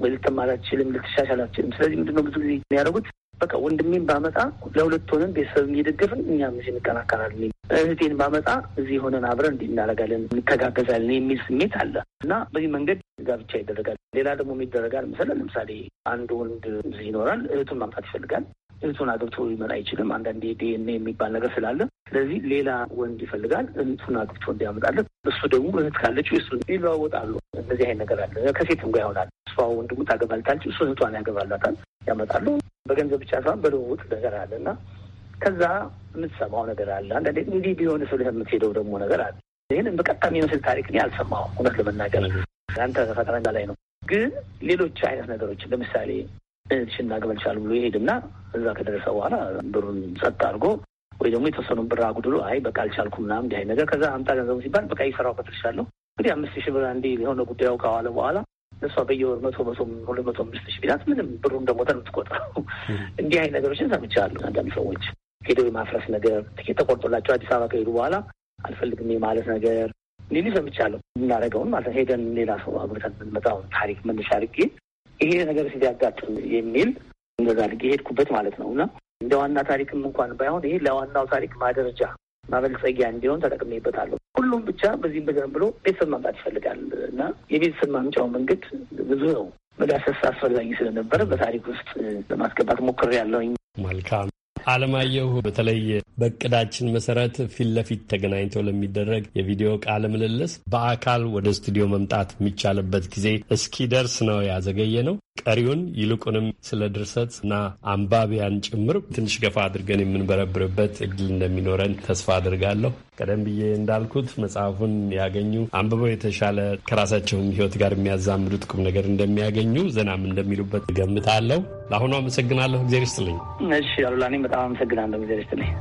ወይ ልትማር አትችልም፣ ልትሻሻል አትችልም። ስለዚህ ምንድነው ብዙ ጊዜ የሚያደርጉት በቃ ወንድሜን ባመጣ ለሁለት ሆነን ቤተሰብ እየደገፍን እኛም እዚህ እንጠናከራለን፣ እህቴን ባመጣ እዚህ ሆነን አብረን እንዲህ እናደርጋለን፣ እንተጋገዛለን የሚል ስሜት አለ እና በዚህ መንገድ ጋብቻ ይደረጋል። ሌላ ደግሞ የሚደረጋል መሰለህ፣ ለምሳሌ አንድ ወንድ እዚህ ይኖራል፣ እህቱን ማምጣት ይፈልጋል እህቱን አገብቶ ሊመጣ አይችልም። አንዳንዴ ዲኤንኤ የሚባል ነገር ስላለ ስለዚህ ሌላ ወንድ ይፈልጋል። እሱን አግብቶ እንዲያመጣለት እሱ ደግሞ እህት ካለችው እሱ ይለዋወጣሉ። እነዚህ አይነት ነገር አለ። ከሴትም ጋር ይሆናል። እሷ ወንድሙ ታገባልታለች፣ እሱ እህቷን ያገባላታል፣ ያመጣሉ። በገንዘብ ብቻ ሳይሆን በልውውጥ ነገር አለ እና ከዛ የምትሰማው ነገር አለ። አንዳንዴ እንዲህ ቢሆን ስልህ የምትሄደው ደግሞ ነገር አለ። ይህንን በቀጥታ የሚመስል ታሪክ እኔ አልሰማሁም፣ እውነት ለመናገር አንተ ፈጠረኛ ላይ ነው። ግን ሌሎች አይነት ነገሮች ለምሳሌ እህትሽን ማግበል ብሎ ይሄድና እዛ ከደረሰ በኋላ ብሩን ጸጥ አድርጎ ወይ ደግሞ የተወሰኑ ብር አጉድሎ አይ በቃ አልቻልኩም ምናምን እንዲህ ነገር ከዛ አምጣ ገንዘቡ ሲባል በቃ ይሰራው በትርሻለሁ እንግዲህ አምስት ሺህ ብር አንዴ የሆነ ጉዳዩ ከዋለ በኋላ እሷ በየወር መቶ መቶ ሁለት መቶ አምስት ሺህ ቢላት ምንም ብሩን ደግሞ የምትቆጥረው እንዲህ አይነት ነገሮችን ሰምቻለሁ። አንዳንድ ሰዎች ሄደው የማፍረስ ነገር ትኬት ተቆርጦላቸው አዲስ አበባ ከሄዱ በኋላ አልፈልግም የማለት ነገር እንዲህ ሰምቻለሁ። የምናደርገውን ማለት ሄደን ሌላ ሰው አብረን የምንመጣውን ታሪክ መነሻ አድርጌ ይሄ ነገር ሲያጋጥም የሚል እንደዛ አድርጌ ሄድኩበት ማለት ነው እና እንደ ዋና ታሪክም እንኳን ባይሆን ይህ ለዋናው ታሪክ ማደረጃ ማበልጸጊያ እንዲሆን ተጠቅሜበታለሁ። ሁሉም ብቻ በዚህም በዚያም ብሎ ቤተሰብ ማምጣት ይፈልጋል እና የቤተሰብ ማምጫው መንገድ ብዙ ነው። መዳሰስ አስፈላጊ ስለነበረ በታሪክ ውስጥ ለማስገባት ሞክሬያለሁኝ። መልካም አለማየሁ፣ በተለይ በእቅዳችን መሰረት ፊት ለፊት ተገናኝተው ለሚደረግ የቪዲዮ ቃለ ምልልስ በአካል ወደ ስቱዲዮ መምጣት የሚቻልበት ጊዜ እስኪደርስ ነው ያዘገየ ነው። ቀሪውን ይልቁንም ስለ ድርሰት እና አንባቢያን ጭምር ትንሽ ገፋ አድርገን የምንበረብርበት እድል እንደሚኖረን ተስፋ አድርጋለሁ። ቀደም ብዬ እንዳልኩት መጽሐፉን ያገኙ አንብበው የተሻለ ከራሳቸውም ሕይወት ጋር የሚያዛምዱት ቁም ነገር እንደሚያገኙ ዘናም እንደሚሉበት ገምታለሁ። ለአሁኑ አመሰግናለሁ። እግዜር ይስጥልኝ። እሺ አሉላ፣ በጣም አመሰግናለሁ። እግዜር ይስጥልኝ።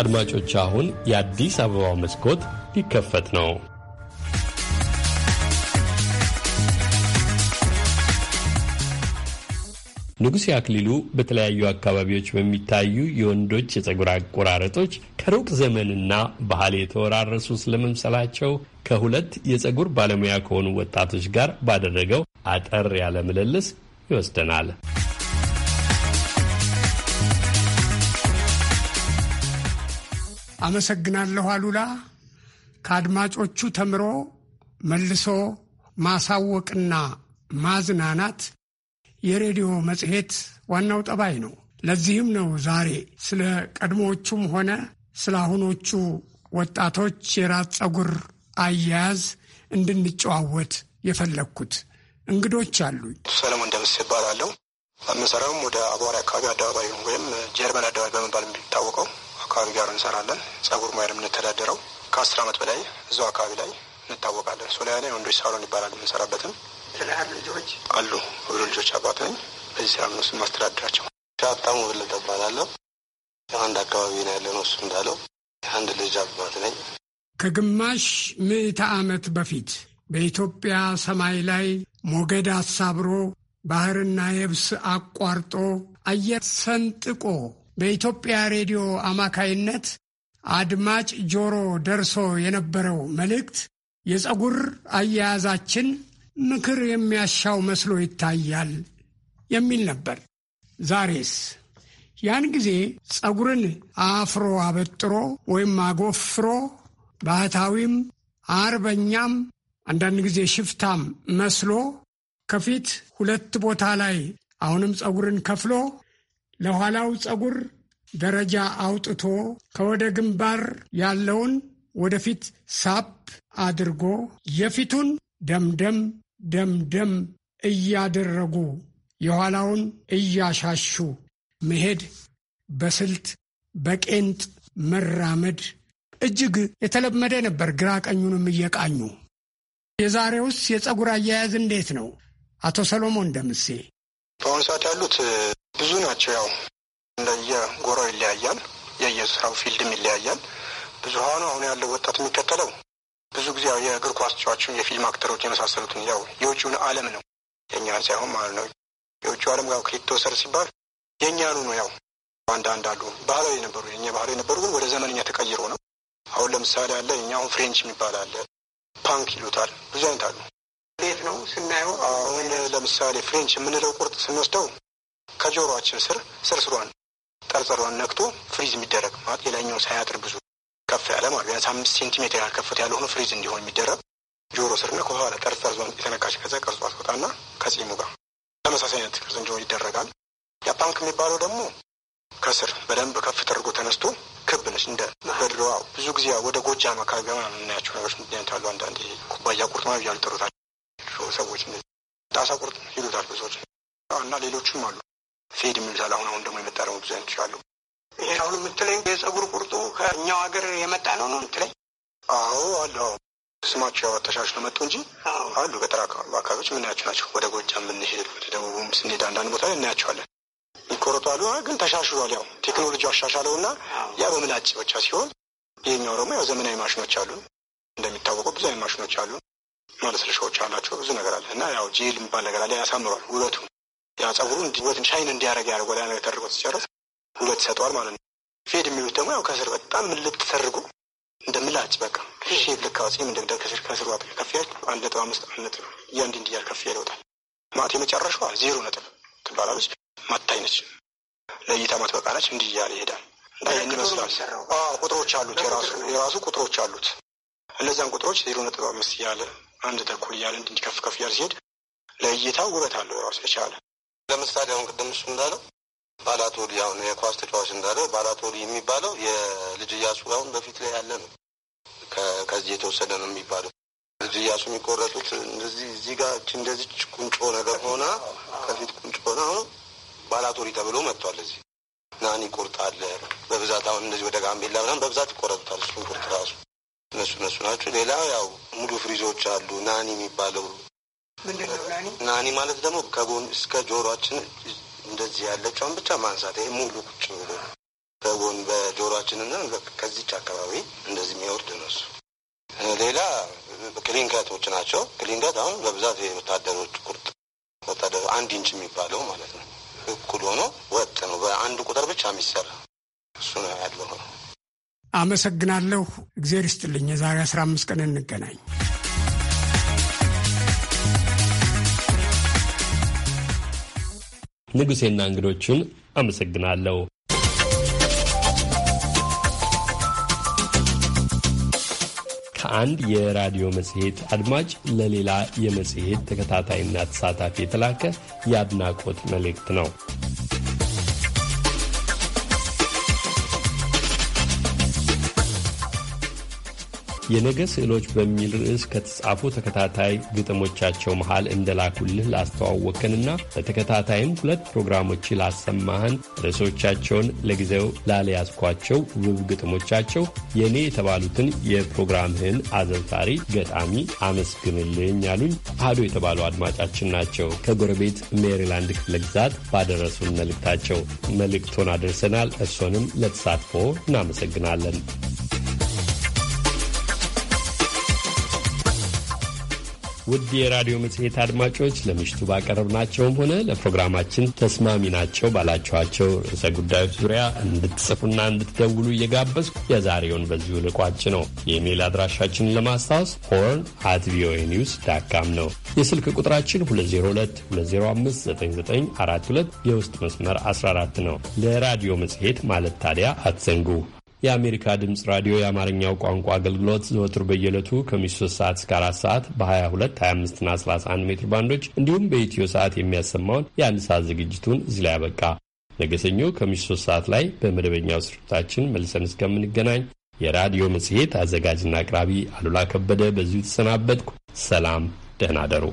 አድማጮች፣ አሁን የአዲስ አበባ መስኮት ሊከፈት ነው። ንጉሴ አክሊሉ በተለያዩ አካባቢዎች በሚታዩ የወንዶች የጸጉር አቆራረጦች ከሩቅ ዘመንና ባህል የተወራረሱ ስለመምሰላቸው ከሁለት የጸጉር ባለሙያ ከሆኑ ወጣቶች ጋር ባደረገው አጠር ያለ ምልልስ ይወስደናል። አመሰግናለሁ አሉላ። ከአድማጮቹ ተምሮ መልሶ ማሳወቅና ማዝናናት የሬዲዮ መጽሔት ዋናው ጠባይ ነው። ለዚህም ነው ዛሬ ስለ ቀድሞዎቹም ሆነ ስለ አሁኖቹ ወጣቶች የራስ ጸጉር አያያዝ እንድንጨዋወት የፈለግኩት። እንግዶች አሉኝ። ሰለሞን ደምስ ይባላለሁ። የምሰራውም ወደ አቧሪ አካባቢ አደባባይ ወይም ጀርመን አደባባይ በመባል የሚታወቀው አካባቢ ጋር እንሰራለን። ጸጉር ሙያ የምንተዳደረው። ከአስር ዓመት በላይ እዛው አካባቢ ላይ እንታወቃለን። ሶላያና የወንዶች ሳሎን ይባላል የምንሰራበትም። ልጆች አሉ። ሁሉ ልጆች አባት ነኝ። በዚህ ስራ ነው ማስተዳድራቸው። ሻታሙ ብለጠ እባላለሁ። አንድ አካባቢ ነው ያለ ነው እሱ እንዳለው አንድ ልጅ አባት ነኝ። ከግማሽ ምዕተ ዓመት በፊት በኢትዮጵያ ሰማይ ላይ ሞገድ አሳብሮ ባህርና የብስ አቋርጦ አየር ሰንጥቆ በኢትዮጵያ ሬዲዮ አማካይነት አድማጭ ጆሮ ደርሶ የነበረው መልእክት የጸጉር አያያዛችን ምክር የሚያሻው መስሎ ይታያል የሚል ነበር። ዛሬስ? ያን ጊዜ ጸጉርን አፍሮ አበጥሮ ወይም አጎፍሮ ባህታዊም አርበኛም አንዳንድ ጊዜ ሽፍታም መስሎ ከፊት ሁለት ቦታ ላይ አሁንም ጸጉርን ከፍሎ ለኋላው ፀጉር ደረጃ አውጥቶ ከወደ ግንባር ያለውን ወደፊት ሳፕ አድርጎ የፊቱን ደምደም ደምደም እያደረጉ የኋላውን እያሻሹ መሄድ በስልት በቄንጥ መራመድ እጅግ የተለመደ ነበር። ግራ ቀኙንም እየቃኙ የዛሬውስ የፀጉር አያያዝ እንዴት ነው? አቶ ሰሎሞን ደምሴ በአሁኑ ሰዓት ያሉት ብዙ ናቸው። ያው እንደየ ይለያያል፣ የየስራው ፊልድም ይለያያል። ብዙሀኑ አሁን ያለው ወጣት የሚከተለው ብዙ ጊዜ የእግር ኳስ ጨዋቾችን፣ የፊልም አክተሮች የመሳሰሉትን ያው የውጭውን ዓለም ነው የእኛን ሳይሆን ማለት ነው። የውጭ ዓለም ያው ክሊፕ ሰር ሲባል የእኛኑ ነው ያው አንዳንድ አሉ ባህላዊ የነበሩ የኛ ባህላዊ የነበሩ ግን ወደ ዘመንኛ ተቀይሮ ነው። አሁን ለምሳሌ አለ እኛ አሁን ፍሬንች የሚባል አለ፣ ፓንክ ይሉታል ብዙ አይነት አሉ። እንዴት ነው ስናየው፣ አሁን ለምሳሌ ፍሬንች የምንለው ቁርጥ ስንወስደው ከጆሮአችን ስር ስርስሯን ጠርጠሯን ነክቶ ፍሪዝ የሚደረግ ማለት ሌላኛው ሳያጥር ብዙ ከፍ ያለ ማለት ቢያንስ አምስት ሴንቲሜትር ያህል ከፍታ ያለ ሆኖ ፍሪዝ እንዲሆን የሚደረግ ጆሮ ስርና ከኋላ ጠርጠርዟን የተነካች ከዛ ቅርጿ ትወጣና ከጺሙ ጋር ተመሳሳይ አይነት ቅርጽ እንዲሆን ይደረጋል። ያፓንክ የሚባለው ደግሞ ከስር በደንብ ከፍ ተደርጎ ተነስቶ ክብ ነች። እንደ በድሮ ብዙ ጊዜ ወደ ጎጃም አካባቢ ምናምን የምናያቸው ነገሮች ምክንያት አሉ። አንዳንድ ኩባያ ቁርጥ ማለት እያሉ ሰዎች ጣሳ ቁርጥ ይሉታል ብዙዎች እና ሌሎችም አሉ። ፌድ የምንዛል አሁን አሁን ደግሞ የመጣረው ብዙ አይነቶች አሉ። ይሄ አሁን የምትለኝ የጸጉር ቁርጡ ከእኛው ሀገር የመጣ ነው ነው የምትለኝ? አዎ አለ። ስማቸው ያው ተሻሽሎ መጡ እንጂ አሉ። ገጠር አካባቢዎች የምናያቸው ናቸው። ወደ ጎጃም የምንሄድ ወደ ደቡብም ስንሄድ አንዳንድ ቦታ ላይ እናያቸዋለን። ይቆረጡ አሉ፣ ግን ተሻሽሏል። ያው ቴክኖሎጂ አሻሻለው እና ያ በምላጭ ብቻ ሲሆን ይሄኛው ደግሞ ያው ዘመናዊ ማሽኖች አሉ። እንደሚታወቀው ብዙ አይነት ማሽኖች አሉ። ማለስለሻዎች አላቸው። ብዙ ነገር አለ እና ያው ጂል የሚባል ነገር አለ። ያሳምሯል ውበቱ ያ ጸጉሩ ውበት ሻይን እንዲያደርግ ያደርጓል። ያ ነገር ተደርጎ ሲጨርስ ውበት ይሰጠዋል ማለት ነው። ፌድ የሚሉት ደግሞ ያው ከስር በጣም ልጥ ተደርጎ እንደምላጭ በቃ ሼድ ልካ ጺም እንደምደ ከስር ከስር ዋ ያል አንድ ነጥብ አምስት አንድ ነጥብ እያንድ እንዲያል ከፍ ይለውጣል ማት የመጨረሻዋ ዜሮ ነጥብ ትባላለች። ማታይ ነች ለእይታ ማትበቃ ነች። እንዲህ እያለ ይሄዳል ይህን ይመስላል። ቁጥሮች አሉት የራሱ የራሱ ቁጥሮች አሉት እነዚያን ቁጥሮች ዜሮ ነጥብ አምስት እያለ አንድ ተኩል እያለ እንዲከፍ ከፍ እያለ ሲሄድ ለእይታ ውበት አለው ራሱ የቻለ ለምሳሌ አሁን ቅድም እሱ እንዳለው ባላቶሊ አሁን የኳስ ተጫዋች እንዳለው ባላቶሊ የሚባለው የልጅ እያሱ አሁን በፊት ላይ ያለ ነው። ከዚህ የተወሰደ ነው የሚባለው ልጅ እያሱ የሚቆረጡት እንደዚህ እዚህ ጋር እንደዚች ቁንጮ ነገር ሆና ከፊት ቁንጮ ሆና አሁን ባላቶሪ ተብሎ መጥቷል። እዚህ ናን ቁርጥ በብዛት አሁን እንደዚህ ወደ ጋምቤላ ምናምን በብዛት ይቆረጡታል። እሱን ቁርጥ ራሱ እነሱ እነሱ ናቸው። ሌላ ያው ሙሉ ፍሪዞች አሉ። ናኒ የሚባለው ናኒ ማለት ደግሞ ከጎን እስከ ጆሮችን እንደዚህ ያለችውን ብቻ ማንሳት፣ ይሄ ሙሉ ቁጭ ብሎ ከጎን በጆሮችንና ከዚች አካባቢ እንደዚህ የሚወርድ እነሱ። ሌላ ክሊንከቶች ናቸው። ክሊንከት አሁን በብዛት የወታደሮች ቁርጥ ወታደሮ አንድ ኢንች የሚባለው ማለት ነው። እኩል ሆኖ ወጥ ነው። በአንድ ቁጥር ብቻ የሚሰራ እሱ ነው ያለው አመሰግናለሁ። እግዜር ይስጥልኝ። የዛሬ 15 ቀን እንገናኝ። ንጉሴና እንግዶቹን አመሰግናለሁ። ከአንድ የራዲዮ መጽሔት አድማጭ ለሌላ የመጽሔት ተከታታይና ተሳታፊ የተላከ የአድናቆት መልእክት ነው። የነገ ስዕሎች በሚል ርዕስ ከተጻፉ ተከታታይ ግጥሞቻቸው መሃል እንደላኩልህ ላስተዋወቅንና በተከታታይም ሁለት ፕሮግራሞች ላሰማህን ርዕሶቻቸውን ለጊዜው ላልያዝኳቸው ውብ ግጥሞቻቸው የእኔ የተባሉትን የፕሮግራምህን አዘውታሪ ገጣሚ አመስግንልኝ ያሉኝ አህዶ የተባሉ አድማጫችን ናቸው። ከጎረቤት ሜሪላንድ ክፍለ ግዛት ባደረሱን መልእክታቸው መልእክቶን አድርሰናል። እርሶንም ለተሳትፎ እናመሰግናለን። ውድ የራዲዮ መጽሔት አድማጮች ለምሽቱ ባቀረብናቸውም ሆነ ለፕሮግራማችን ተስማሚ ናቸው ባላችኋቸው ርዕሰ ጉዳዮች ዙሪያ እንድትጽፉና እንድትደውሉ እየጋበዝኩ የዛሬውን በዚሁ ልቋጭ ነው። የኢሜይል አድራሻችንን ለማስታወስ ሆርን አት ቪኦኤ ኒውስ ዳካም ነው። የስልክ ቁጥራችን 2022059942 የውስጥ መስመር 14 ነው። ለራዲዮ መጽሔት ማለት ታዲያ አትዘንጉ። የአሜሪካ ድምፅ ራዲዮ የአማርኛው ቋንቋ አገልግሎት ዘወትር በየዕለቱ ከምሽቱ 3 ሰዓት እስከ 4 ሰዓት በ22፣ 25ና 31 ሜትር ባንዶች እንዲሁም በኢትዮ ሰዓት የሚያሰማውን የአንድ ሰዓት ዝግጅቱን እዚህ ላይ ያበቃ። ነገ ሰኞ ከምሽቱ 3 ሰዓት ላይ በመደበኛው ስርጭታችን መልሰን እስከምንገናኝ የራዲዮ መጽሔት አዘጋጅና አቅራቢ አሉላ ከበደ በዚሁ ተሰናበትኩ። ሰላም፣ ደህና አደሩ።